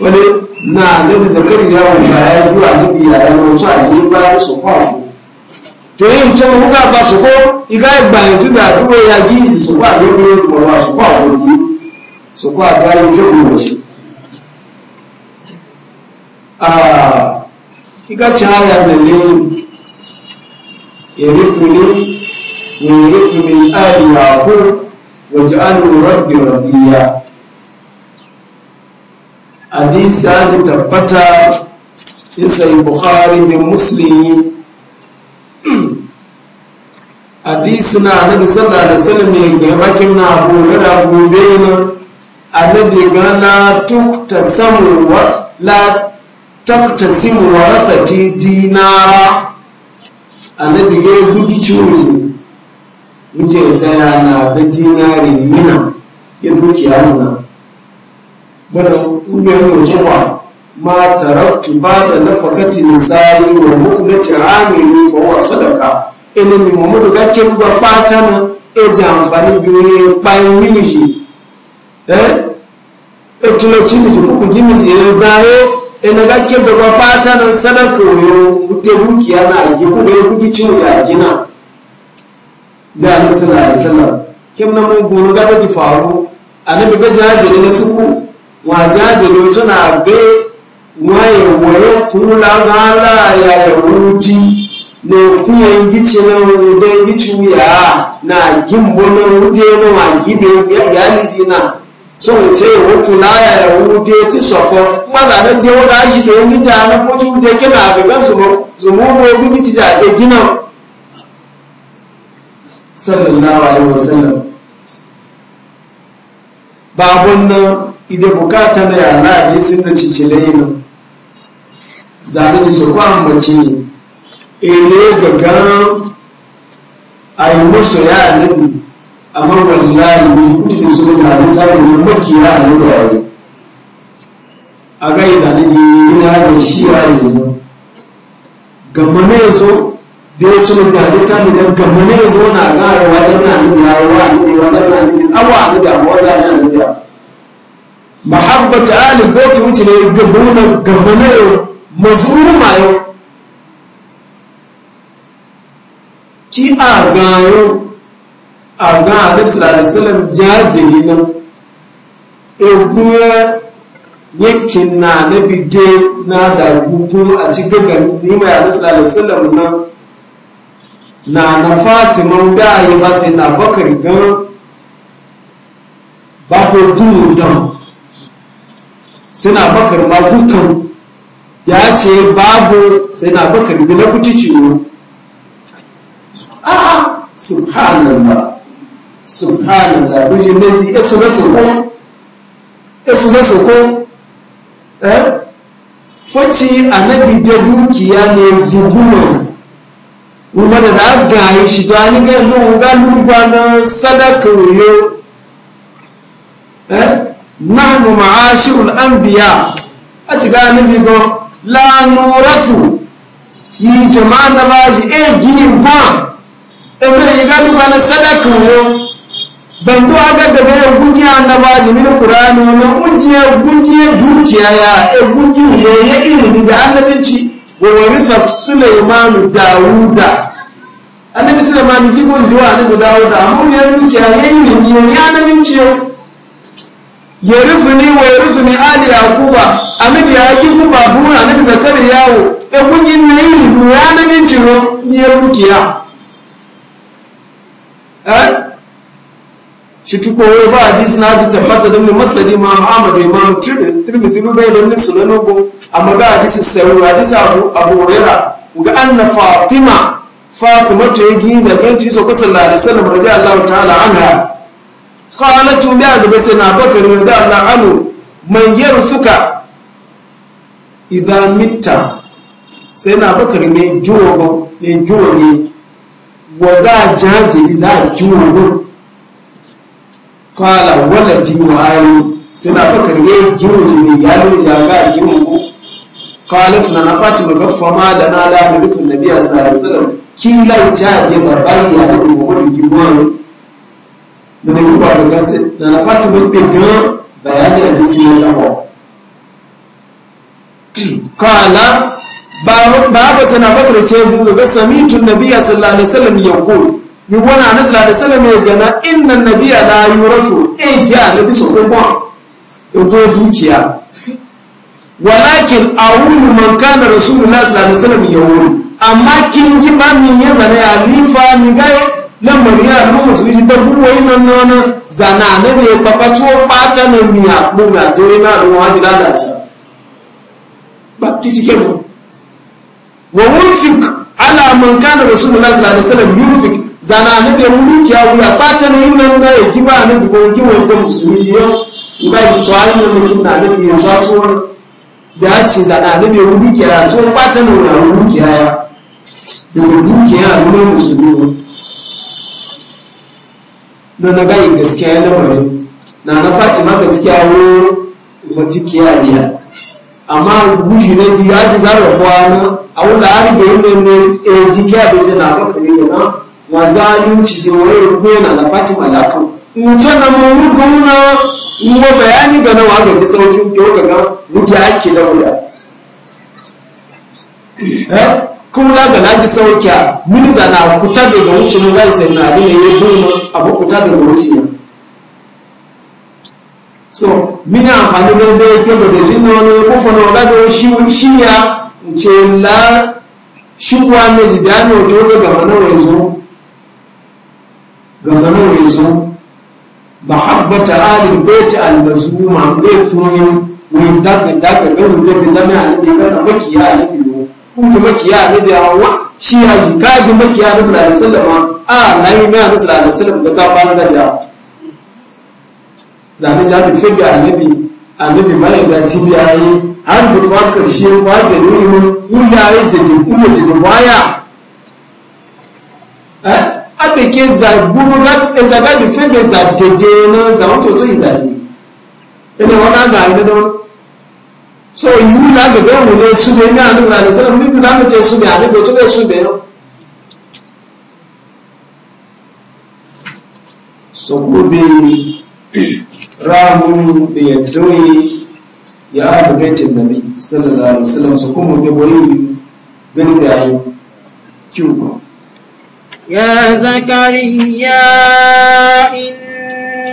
wani na nabi zakari ya wanda ya yi zuwa nabi ya yi wasu yi ba ya su kwa ku to yi wuce mu ka ba su ko iga igba yanzu da duwa ya gi su kwa ne kuma ba su kwa ku su kwa ga yi fi mu wace a iga ci haya da ne ya rufu ne ya rufu ya ku wajen an rabbi hadisa ji tabbata isai bukhari da Musulmi, hadisi na annabi sallallahu alaihi wasallam ya ga bakin na hurara gobe na annabi ga na tukta samu wa la takta simu wa rafati dinara annabi ga ya guki ciwo muke daya na ga dinari mina ya duki nuna bada ubiyar rujuwa ma taraktu ba da nafakati nisa'i wa mu'minati ramini fa wa sadaka Ina ne mamadu ga ke ruba pata na e je àǹfààní biyu ne pa mimi eh e tulo chimi ji ku gimi ji e ga e ga ke ruba pata na sadaka wuyo ute dukiya na ji kuma ya kuki cin ja gina ja sallallahu alaihi wasallam kim na mu gona ga ji faru annabi ga jaje ne na suku wajajilo tana be waye waye kula mala ya yahudi ne kuyan gici na wudan gici na gimbo na wude na wa gibe ya liji na so ce hukula ya yahudi ti sofo mala na je wada shi da gici na fotu da kina ga gan su zumu go gici da ke gina sallallahu alaihi wasallam babun nan ide bukata na ya na hadisin da cicile yi nan zanen su kwa ambaci ele ga gan a yi musu ya nabi amma wallahi mutu da su da ta halitta da maki ya halitta ya yi a ga idan ji yi na da shi ya yi ji gama ne ya so da ya ci mutu ta ne da gama ne ya so na ga wasan na halitta ya yi wa halitta ya wasa na halitta awa halitta wasan na halitta mahabbata ali ko ta wuce ne gabana gabana yau mazuruma yau ki a gayo a ga alif sallallahu jajiri nan eguwa yankin na na bide na da gugu a cikin gani ni mai alif sallallahu nan na na fatima da yi ba sai na bakar gan ba ko duru dan suna bakar ma dukkan ya ce babu sai na bakar bi na kuti ciwo a subhanallah subhanallah bujin ne zai esu na soko esu na soko eh faci annabi da dukiya ne gibuna kuma da za ga yi shi da ni ga nan ga lugwa na sadaka yo eh nahnu ma'ashirul anbiya a ti ga nabi go la nurasu yi jama'a na baji e gini ba e me yi gani ba na sadaka wo ban do aga da be gungiya na baji min qur'ani na unjiya gungiya dukiya ya e gungiya ya ilimi da annabinci wa warisa sulaiman dauda annabi sulaiman gibon duwa annabi dauda amma ya dukiya ya ilimi ya annabinci yau yarizuni wa yarizuni ali yakuba amidi yakuba bu amidi zakari yawo ekunyi neyi muwana minjiro niyerukiya eh shituko we ba hadisi na ta tabbata da masladi ma Ahmad da Imam Tirmidhi lu bai da ni sunan go amma ga hadisi sai wa hadisi Abu Abu Hurairah ga anna Fatima Fatima ce ginza ganci so sallallahu alaihi wasallam radiyallahu ta'ala anha kọ́lá tí ó bí àdúgbé sí àbọ́kẹrẹ rẹ̀ na láàánú mai yẹ́rù súkà ìdámítà ne àbọ́kẹrẹ mẹ́ jùwọ̀n ní wọ̀gá jáàjẹ̀ ìzá jùwọ̀n kọ́lá wọ́lẹ̀ tí ó ayé a àbọ́kẹrẹ jùwọ̀n ní kọ́lá tí nana fatima bá fọ́má da nálàá rufin nàbí àsàrẹ̀sẹ̀rẹ̀ kí láì jáàjẹ̀ bàbá ìyàwó wọ́n da na kuwa da gansa na na fata mafi gan bayanin da su yi kama kala ba ba sana bakar nabiya sallallahu wana na sallallahu alaihi inna nabiya la e nabi so dukiya walakin awulu man kana sallallahu amma kin ki ba min ya lifa gaye lambar ya mu musu ji da buwa yi nan nan zana na ya papa tuwo fata na miya mu na dole na ruwa ji lalace ba ki ji kenan wa wulfik ala man kana rasulullahi sallallahu alaihi wasallam yulfik zana na ya mu dukiya wuya fata na yi nan na ya giba na dubo giwa da musulmi ji yau ba ki tsawon na ne kin na ne ya tsatsuwa da ya ce zana na ne mu ya tuwo fata na wuya mu dukiya ya da mu dukiya mu musulmi don na gayin gaskiya lamarin na na fatima gaskiya wo wajen biya amma guji na ji ya ji zarar kowa na a wanda a rike yin ne a eh, ji kiya bai sai na kafa ne na ma zalunci ji wani rubuwa na na fatima da kan mutum na mu ruguna nwa bayani ga nawa ga ji sauƙin yau ga mutu ake da kula na naji sauƙiya mun na kuta daga wuce mun gai sai na abin da ya yi abu kuta daga wuce ya so mina amfani da zai ke da jin na wani ya fa na da shi ya ce la shi ne ji da ne wato ga mana wai zo ga mana wai zo mahabbata alil bait al mazmuma bai kuma ne wani daga daga ga mun da zama alin da kasa bakiya alin kuntu makiya ne da yawa shi ya ji kaji makiya na sallallahu alaihi wasallam a na yi mai na sallallahu alaihi wasallam da safa na ja zane ja da fi da annabi annabi mai da ci da yi har da fa karshe ya fata ne mun wuya yi da da kuma da baya eh da ke za guru ga e za da fi da za da na za wato to izadi ina wannan ga ina da so yiwu la gbẹgbẹ wò lé ní àdúgbò da sẹlẹ mi tún àdúgbò tó lè sube yọ. sọgbó bi ráàmù bi ẹdọyè yà á bẹ bẹ tẹ da sẹlẹ láàrú sẹlẹ sọkó mu bẹ wọlé yìí gbẹni bẹ ayé kí o kọ. يا زكريا إن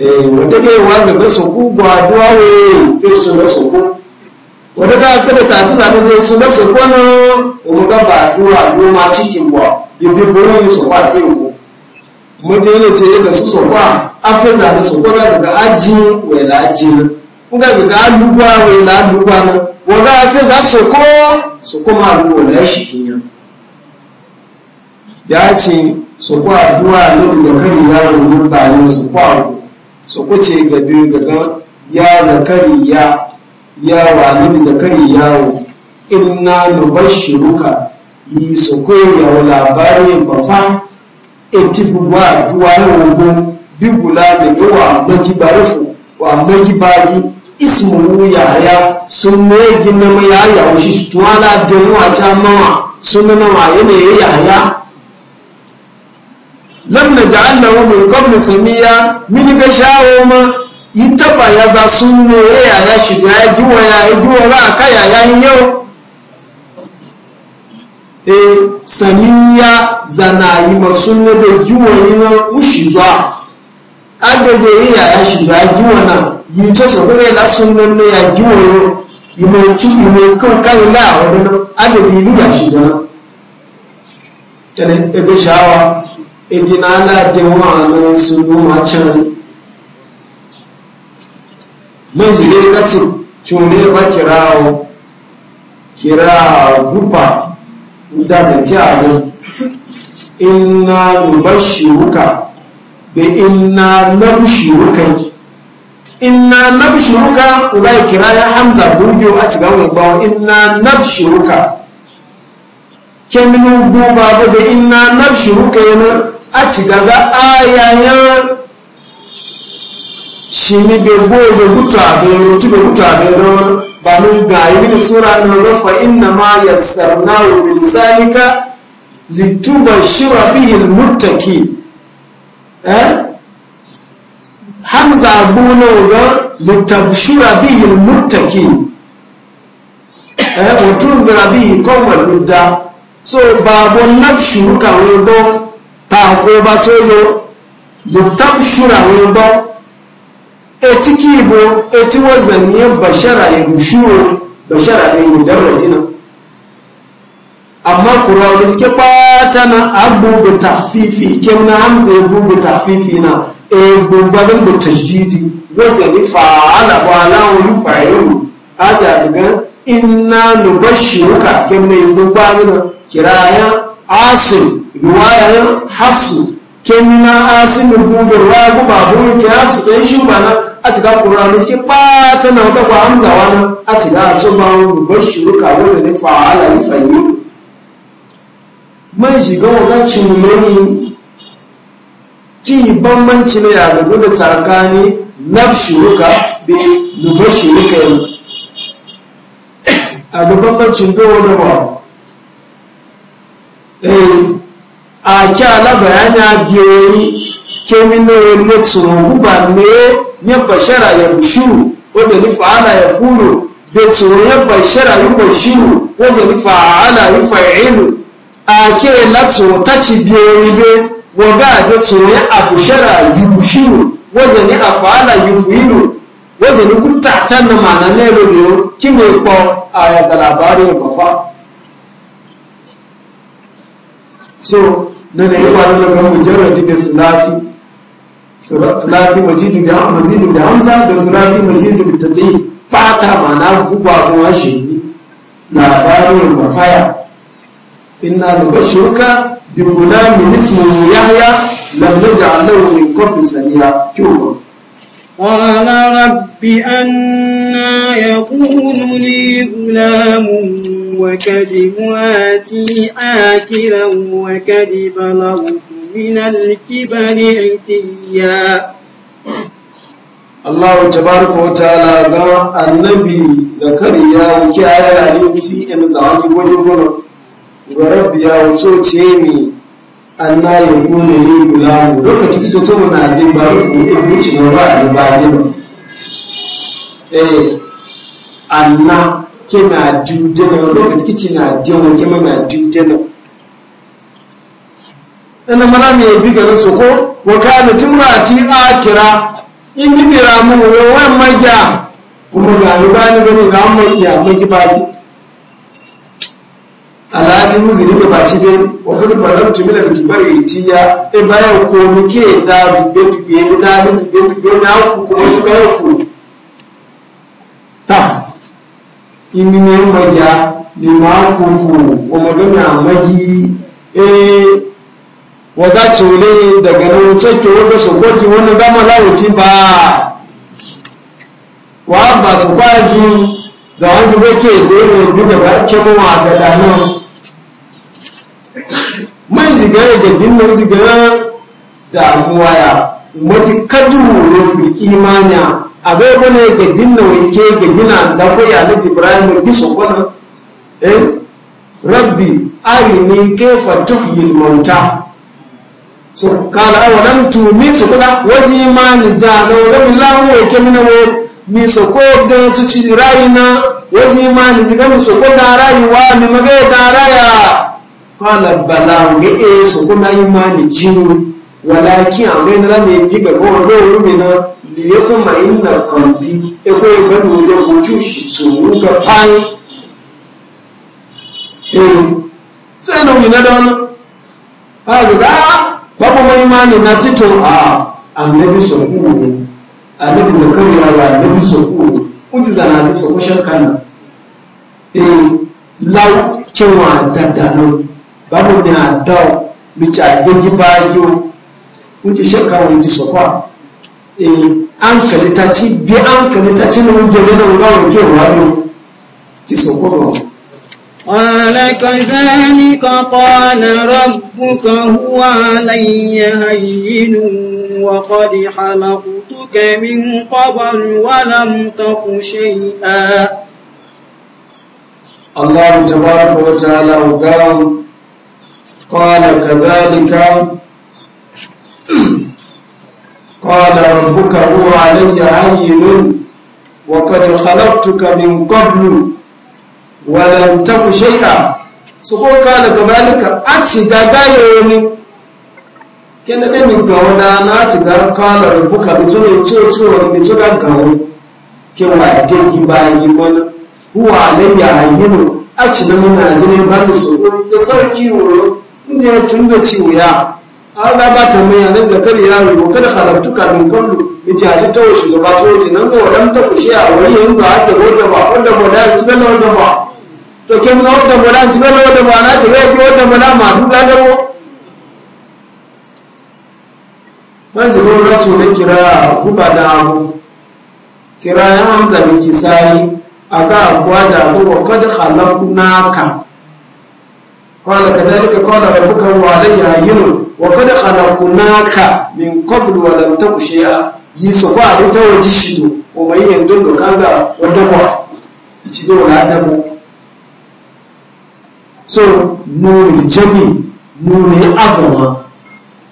Eh, wanda ke wa ga ga soku ba duwa we ke su na soku wanda ka ka da tati za ta su na soku no o mu ga ba duwa duwa ma cikin ba gibi buru su ba fe ko mu je ne ce da su soku a fe za da soku ga ga aji we na aji nga ga ga lugwa we na lugwa na wanda fe za soku soku ma duwa la shi kinya ya ce soku a duwa ne da zakari ya rubuta ne soku a su kuce ga biyu daga ya zakariya ya wani zakariyawo inna nubashiruka yi koya koyawa labarin bafa etibugwa duwayogun bigula da yawa magibarufu wa magibagi ismu yaya sun megin na mai yaya wushi tuwa na nuwa ta mawa sun na yanayi yaya lam na lahu min qabl samiya min ga shawo ma yitaba ya za ne eh, ya ya shi ya duwa ya duwa ba ka ya ya yau e eh, samiya zana yi masunne da duwa yi na ushiwa aga zai ya ya shi da ya duwa na yi ta su ko ya sun ne ya duwa yi yi mai ci yi mai kan kan la wadannan aga zai yi ya shi da tana ebe shawa idina aladin wa'anan su noma can mun zile kacin cune ba kirawo kira gufa da zance abin inna nubashiruka bi inna nabshiruka inna nabshiruka uba kira ya hamza burgiyo a cikin wani bawon inna nabshiruka keminu guba ba da inna nabshiruka yana a ci gaga yayin shi ne bai gobe gutu abin rutu bai guta bai don ba nun yi mini sura na rufa inna ma sarna wa bilisanika lituba shira bihin mutaki. Eh? Hamza hamza abuna ga litabshura bihin mutaki. eh mutunzira bihin qawmal mudda so babon nabshu kawai bo taako ba tsoyo littab shurawe ba eti kibo eti wazaniye bashara ya gushuro bashara da yi mujarraji nan amma kurawa suke fata na abu da tafifi kem na hamza ya bugu tafifi na e gbogbabin da tashdidi wazani fa'ala ba lawon fa'ilu aja daga inna nubashiruka kem na yi gbogbabin kiraya asin ruwayar hafsu kemina asimu gudun ruwa guba burin ke hafsu don shi ba na a cika ƙura da shi ba ta na wata kwa hamzawa na a cika a bawon rubar shiruka wata ne fa'ala yi fayi man shiga wata cimai ki bambanci na a gudu da tsakani na shiruka da rubar shiruka yi a gaban bambancin gawa da ba eh, a kya ala bayana biyoyi kemin na wani na tsoron guba ne ya bashara ya bushuru ko zani fa'ala ya furu da tsoron ya bashara ya bushuru ko zani fa'ala ya fa'ilu a ke la tsoron ta ci biyoyi ne waga da tsoron ya abushara ya bushuru ko zani afa'ala ya fu'ilu ko kuta ta na ma'ana ne da biyo kime ko a ya zalabarin bafa so na na yi kwanu na kan da sulasi sulasi majidu da mazidu da hamza da sulasi majidu da tadai bata mana guba kuma shi labarin mafaya inna nubashiruka bi gulamin ismuhu yahya lam naj'al lahu min qabl samia kyuba qala rabb بأن يقول لي غلام وكد مؤاتي آكلا وكد بلغت من الكبر عتيا Allah tabaraka wa ta'ala ga annabi zakariya wuce ayar alimci in zawani wani gona ga rabbi ya wuce ce mi anna ya ni gulamu lokacin iso to mun abin ba ku abinci ba a ba ba eh anna kina dudana lokacin kici na dinwa kima na dudana ina mana me bi ga su ko wa kana timrati akira in bi bira mu yo wan maja kuma ga rubani gani ga mai ya magi baki alabi muzuri ba baci be wa kudu faran tumi da kibar yi itiya e bayan ko muke da dubbe dubbe da dubbe dubbe na ku kuma tuka yau ku ta imine maja limakuku omagami amagi eh waga ne daga nan cikin wanda su gwaji wani gama lawuci ba wa ba su kwaji zawon jibo ke dole duka ba ake mawa da lanar mai zigaya da dinnan zigaya da ya mati kadu fi imaniya abe ne ke dinna we ke ke gina da ko na ibrahim ki so bana eh rabbi arini kayfa tuhyi al-mauta so kala awalam tu'min so kada waji imani ja no rabbi la wo e ke mina wo mi so ko de su ci rayina waji imani ji gami so ko da rayuwa mi maga da raya kala bala ngi e so ko na imani jinu walakin abai na mai giga goma bai rumi na liyata mai na kwamfi ekwe gano da kucu shi tsoro ga fayi e, sai na da wani ha ga ga babu mai mani na tito a annabi sokuru ne annabi zakariya ba annabi sokuru kuti zana da sokuru shakkan eh lau kewa daddanon babu ne a dau bica gagi bayo wuce shakka ji sokwa eh, an kalita ci bi an kalita ci na wuce ne da wani ke wani ji sokwa قال كذلك قال ربك هو علي هين وقد خلقتك من قبل ولم تك شيئا الله تبارك وتعالى قال كذلك قال ربك هو علي هين وقد خلقتك من قبل ولم تك شيئا سوكو قال كذلك اتشي دغايوني kene de mi gawo na na ti ga kala rubuka bi tole tso tso ro bi tso ga gawo ke wa de ki ba yi mona huwa alayya hayyinu a ci na muna jini ba mu so da sarki wuro inda ya tunda ci wuya Allah ba ta mai yanar zakariya ne ko kada halartu kamin kullu da halitta wa gaba so ki nan ga wadan ta kushe a wani yin ba da wanda ba wanda ba da ci bala wanda ba to ke mun wanda ba da ci bala wanda ba na ci ga ki wanda ba ma du da mo man ji ko na so kira ku ba da mu kira ya hamza ne ki sai aka kwaja ko kada halartu naka قال كذلك قال ربك هو علي هين وقد خلقناك من قبل ولم تك شيئا يسوع عليه توجشدو وما يندل كانغا ودبوا يشدو ولا دبوا so nuni jami nuni azama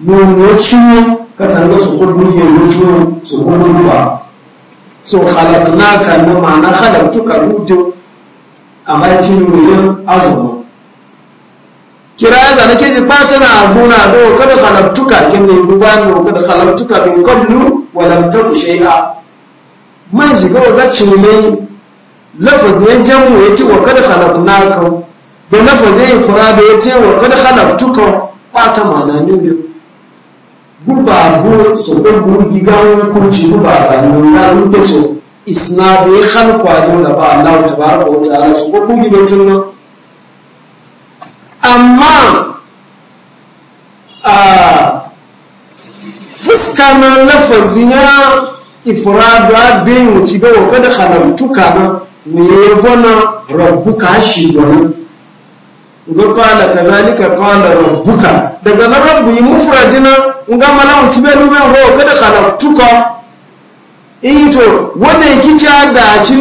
nuni ciwo ka tanga su kudu ya lujo su kudu ba so khalaqnaka na ma'ana khalaqtuka rudu amma ciwo yan azama kiraya zane keji ji fata na abuna do kada halattuka kin ne ruwa ne kada halattuka bin qablu wa lam taku shay'a man shiga wa zaci ne lafazi ya jamu ya ce wa kada halatnaka da lafazi ya fura da ya ce wa kada halattuka fata mana ne ne guba bu so ko bu giga ko ci guba ba ne na rubuce isna bi khalqa da ba Allah tabaraka wa ta'ala so ko bu gidan tunna amma a fuska na lafazin ya ifiradu abin wuce ga waka da halartuka na mai yabona rabbuka shi domin ga kwala ka zalika kwala rabbuka daga na rabbu yi mufurajina ga malawun ci bai nube waka da halartuka ito eh, wata kica da ci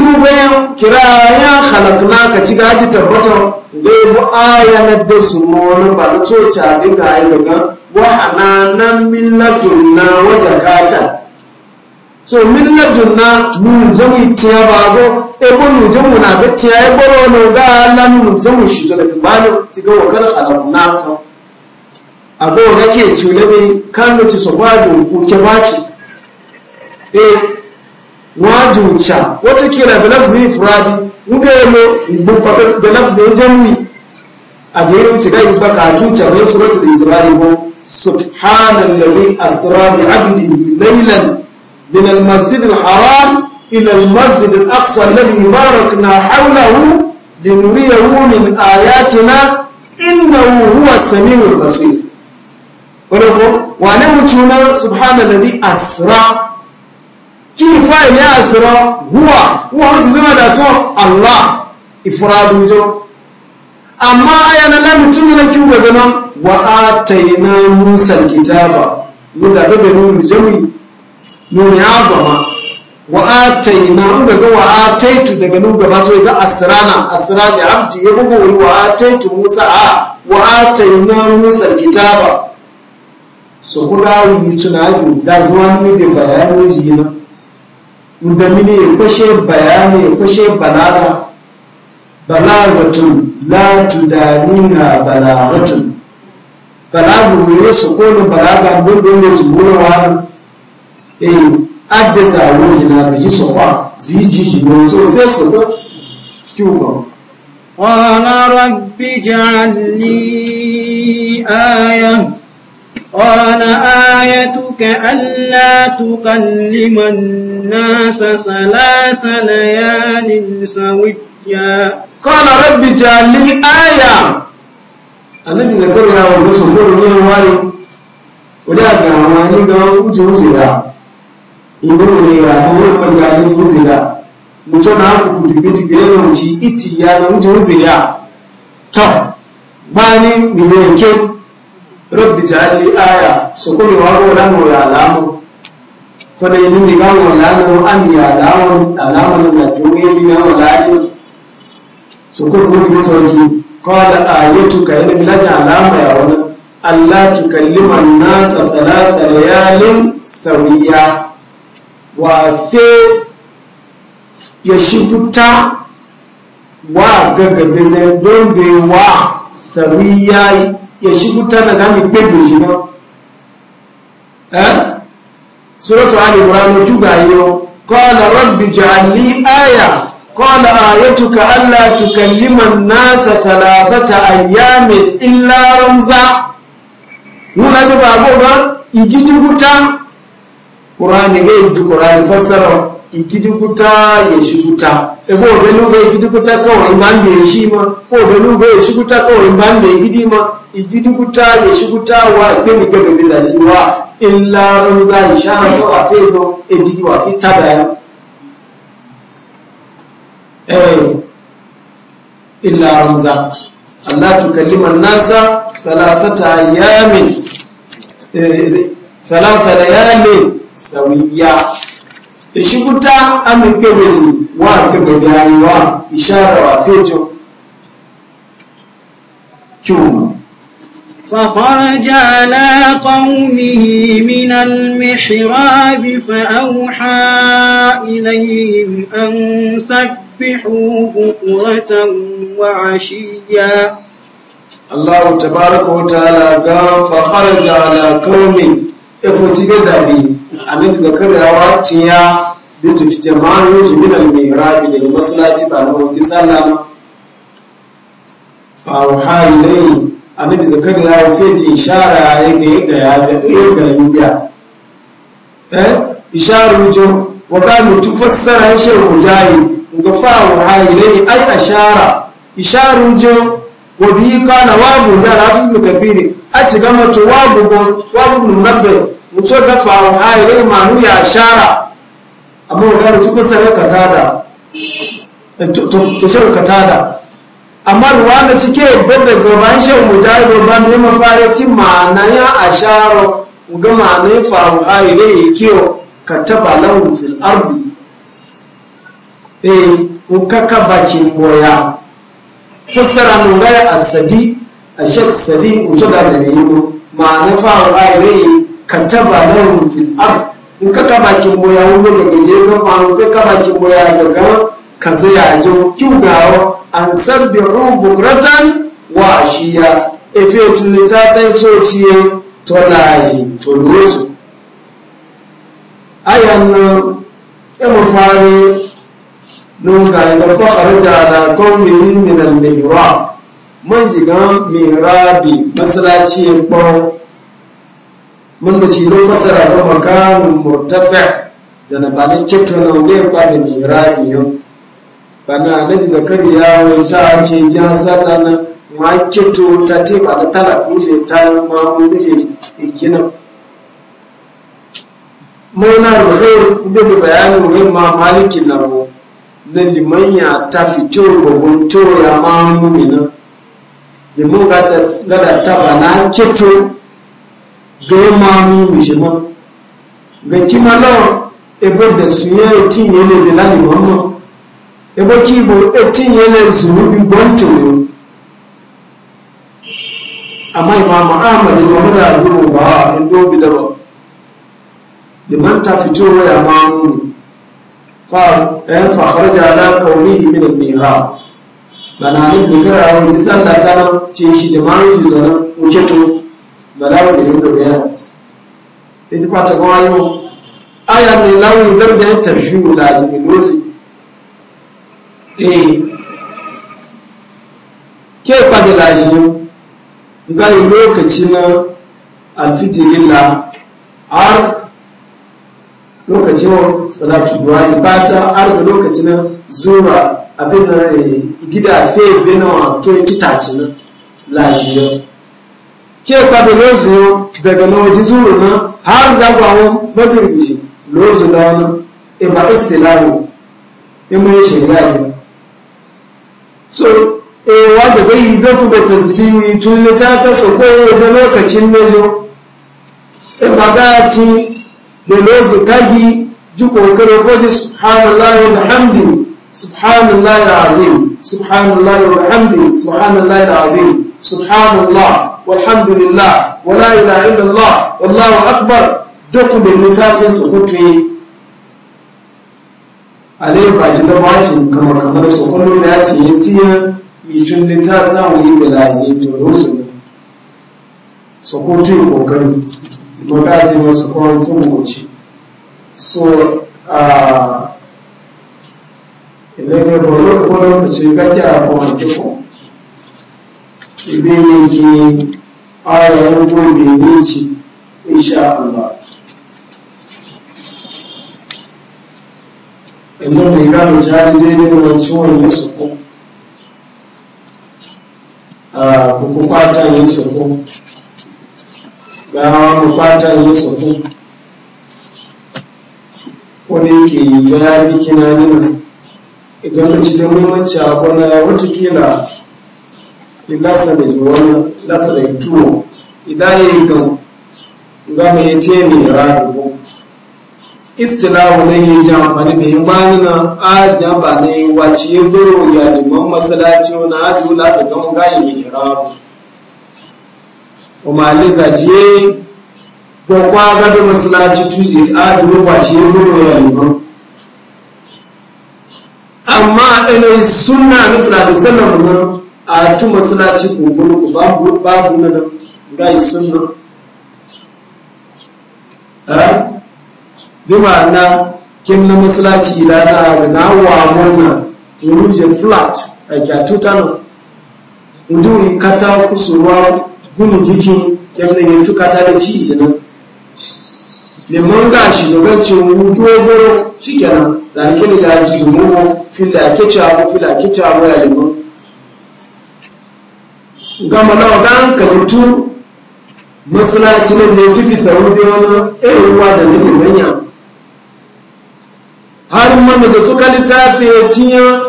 kira ya halakna ka ci gaji tabbata da bu bu ayanar da su mawani ba na coci a ga yi daga wahananan millatun na wasa kata so millatun na nun zamu tiya ba go e bo nun zamu na ga tiya e boro no ga nan nun zamu shi daga balo ci ga wakar halakna ka a ga wa kake culabe kan ga ci so ba da ku ke baci eh wucha wata kila da lafzi ifradi muga yalo ibn fadar da lafzi jami a da yau wuce ga ifa ka tuca ne suratul isra'i ko subhanallazi asra bi da laylan min al-masjid al-haram ila al-masjid na aqsa alladhi barakna hawlahu linuriyahu min ayatina innahu huwa as-sami'ul basir wani ko wane mutunan na mutuna subhanallazi asra kí ni fáìl ní àṣírọ húwà húwà ó ti zama da tó allah ìfura dújọ amma ayana lamitin na kí wà náà wa a taina musa kitaba mu da bebe ni mu jami mu ni azama wa a taina mu daga wa a taitu daga nu gaba to ga asrana asrani abdi ya bugo wa a taitu musa a wa a taina musa kitaba so kula yi tunaji da zuwa ni da bayanin jina mudamini ya kwashe bayani ya kwashe balaga balagatun la tudaniha balagatun balagu mu yi su kone balaga gudun da zubuwa wani eh adda wani na da ji sofa ziji ji ne so sai su ko قال آيتك ألا تكلم الناس ثلاث ليال سويا قال رب جعل لي آية النبي ذكرها والرسول قول لي واري ولا غاماني غام وجه وزلا يقول لي يا نور من قال وجه وزلا مجمع كنت بيت بيانا biyar wuce iti ya na wuce wuce ya to rabbi ja'alli aya su kuma wago nan mu ya alamu fa dai mun diga mu alamu an ya alamu alamu na juye bi ya alamu su kuma yi sauki qala ayatuka yana bilaja alama ya wani Allah kallima nasa thalatha layalin sawiya wa fe ya shibuta wa gagagazen don bai wa sawiya yashikutana nami shi chino eh suratu ali imran tugayo qala rabbi ja'alni aya qala ayatuka alla tukallima an-nasa thalathata ayamin illa ramza muna ga babo ga igiti kuta qur'ani ga igiti qur'ani fassara ikidukuta yeshukuta ebo venuve ikidukuta ka oimbande eshima o venuve eshukuta ka oimbande ekidima ikidukuta yeshukuta wa gemigemebizashiwa ila romza ishara to wafeto etiki wafitadaya eh. ila romza allah tukalima nasa thalathata ayamin eh, thalatha layamin sawiya ishikuta amikebezi wa jayi wa ishara wa fecho chuma فخرج على قومه من المحراب فأوحى إليهم أن سبحوا بكرة وعشيا الله تبارك وتعالى قال فخرج على قومه إفتي قدامي عن ذكر رواتيا بتجتمعه من المهراب للمصلاة بعد سلم فأوحى إليه a zakariya ya fece ishara ya ga yadda ya ga yadda ya biya eh ishara wa kanu tufassara ya shi hujayi ga fa'u ai ashara ishara wa bi kana wa mu zara fi kafiri a ci gama to wa bu mu manu ashara amma wadda cikin sarar katada to shan katada amma ruwa da cike bada gaban shan mujahidin ba ne mafayakin ma'ana ya asharo ga ma'ana ya faru a ya kiyo ka taba lahun fil ardi eh kaka bakin boya fassara mun ga asadi a shek sadi mutu da zane yi ma'ana faru a ire ka taba lahun fil ardi nka kaba kimboya wugo gageje ka famu fe kaba kimboya gaga kaza ya jo kiugawo an rubu gratan wa ya efe tulita ta tsociye tolaji tolosu ayan na emu fare nunga ga fa jana ala qawmihi min mai mihrab man jiga rabi masallaci ya mun da ci don fasara ta makamun murtafa da na banin kitona ne ba da mirabi yau bana zakari zakariya wani ta ce ya sallah na ma kito ta ce ba da talak muje ta ma muje ikina mauna da khair da bayanin wai ma malikin na ro na limanya ta fito babban to ya ma mumina limun ga ta ta bana kito bẹ́ẹ̀ máa ń wù ṣe mọ́ gàkí máa lọ́wọ́ ẹgbẹ́ bẹ̀sùn yẹn etí yẹn lè amma imamu ba a indo bi ah, da ba liman ta fito ya mamu fa ɗayan eh, fahar da ala kauri min nira ba na nan gara wani ti sanda ta nan ce shi da mamu yi zanen uketo balazi hindo bayana ita kwata gwayo aya mai launi darja ta shiwu da jimilozi eh ke fadila shi gari lokaci na alfitirilla har lokacin salatu ba ta har da lokaci na zuwa abin na eh, gida fe benawa to ya ci taci na lajiyar ke kwata lozu daga nawaji zuru nan har da gwawo magirbi lozu da wani iba e istilamu in e mai e shari'a ne so eh wanda dai yi don kuma tasbiwi tun ta ta so koyo da lokacin zo. iba da ti da lozu kagi ji kokare ko ji subhanallahi walhamdi Subhanallah, alazim subhanallahi walhamdi subhanallahi alazim subhanallah walhamdulillah wala ilaha illallah wallahu akbar duk da mutacin su hutu da bashin kama kamar su kullum da ya ce ya ta samu yi da laje to rusu su hutu yi kokari magaji masu kwan sun huci so a ilai ne ba wani kwanan ka a ibini ji ayayen kuma ne ci insha Allah inda mai gano jihadi daidai na ciwon ya sako a kukukwata ya sako gawa kukwata ya sako wani ke yi bayani kina nuna idan da cikin muhimmanci abu na watakila ilasana jiwana ilasana ituwo idaye gan ga mai te mai rago istilahu ne ya ji amfani da yin bani na ajiya ba ne wace ya goro ya liman masalaci wani ajiyu na da gan gayi mai rago kuma aliza ji ya gwakwa gada masalaci tuje ajiyu wace ya goro ya liman amma ina suna nutsira da sallar nan a tuma suna ci gungulu ku babu babu na nan gai sunna a bi ma'ana kin na masallaci ila na ga na wa mona to ruje flat a kya tutano mutum kata kusurwa gunu gikin yadda ya tuka ta da ci kenan lemon gashi da mu dogoro shi kenan da ake da ya zuzu mu fila kicawo fila kicawo ya lemon gama lawa gan kabutu masalaci na zai tufi saudi wani irin wa da nufin ganya har mana zai ka littafi ya cinya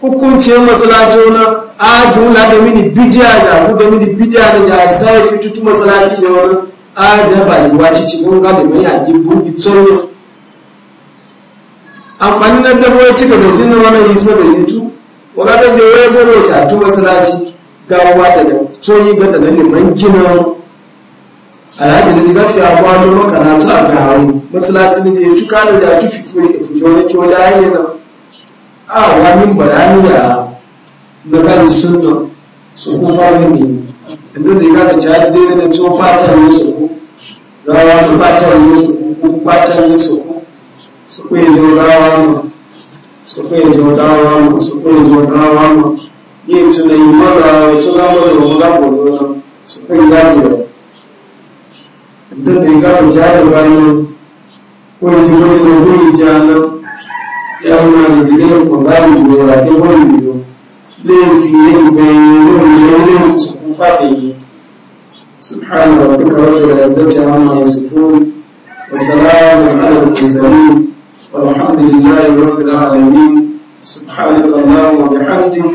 hukunciyar masalaci wani ajula da mini bidiya da abu da mini bidiya da ya sai fitutu masalaci da wani ajiya ba yi wa cikin gunga da mai yaki buɗi tsoro amfani na dabo ya cika da jini wani yi saboda yutu wani da zai wai goro a tu masalaci gawa da coyi ga da na liman gina alhaji na jiga fi abuwa don ci a gawo masalaci na ya cuka da ya cufi fuke wani kyau da hanyar nan a wani bayani ya na kan sunna su kuma fara ne inda da ya ga caji dai da cewa fatan ne su ko gawa da fatan ne su ko fatan ne su ko su ko yanzu gawa ne su yi zo gawa ne su yi zo gawa ne yeye tunaimana sokamana ungapoona sopengazo ndende ikapo chale bano kwenjinozi nokuijana yaunazileo kwambali tulolake bondio lefiyeibeilefisokufapeje ربك رب العزة عما يصفون وسلام على المرسلين والحمد لله رب العالمين سبحانك اللهم وبحمدك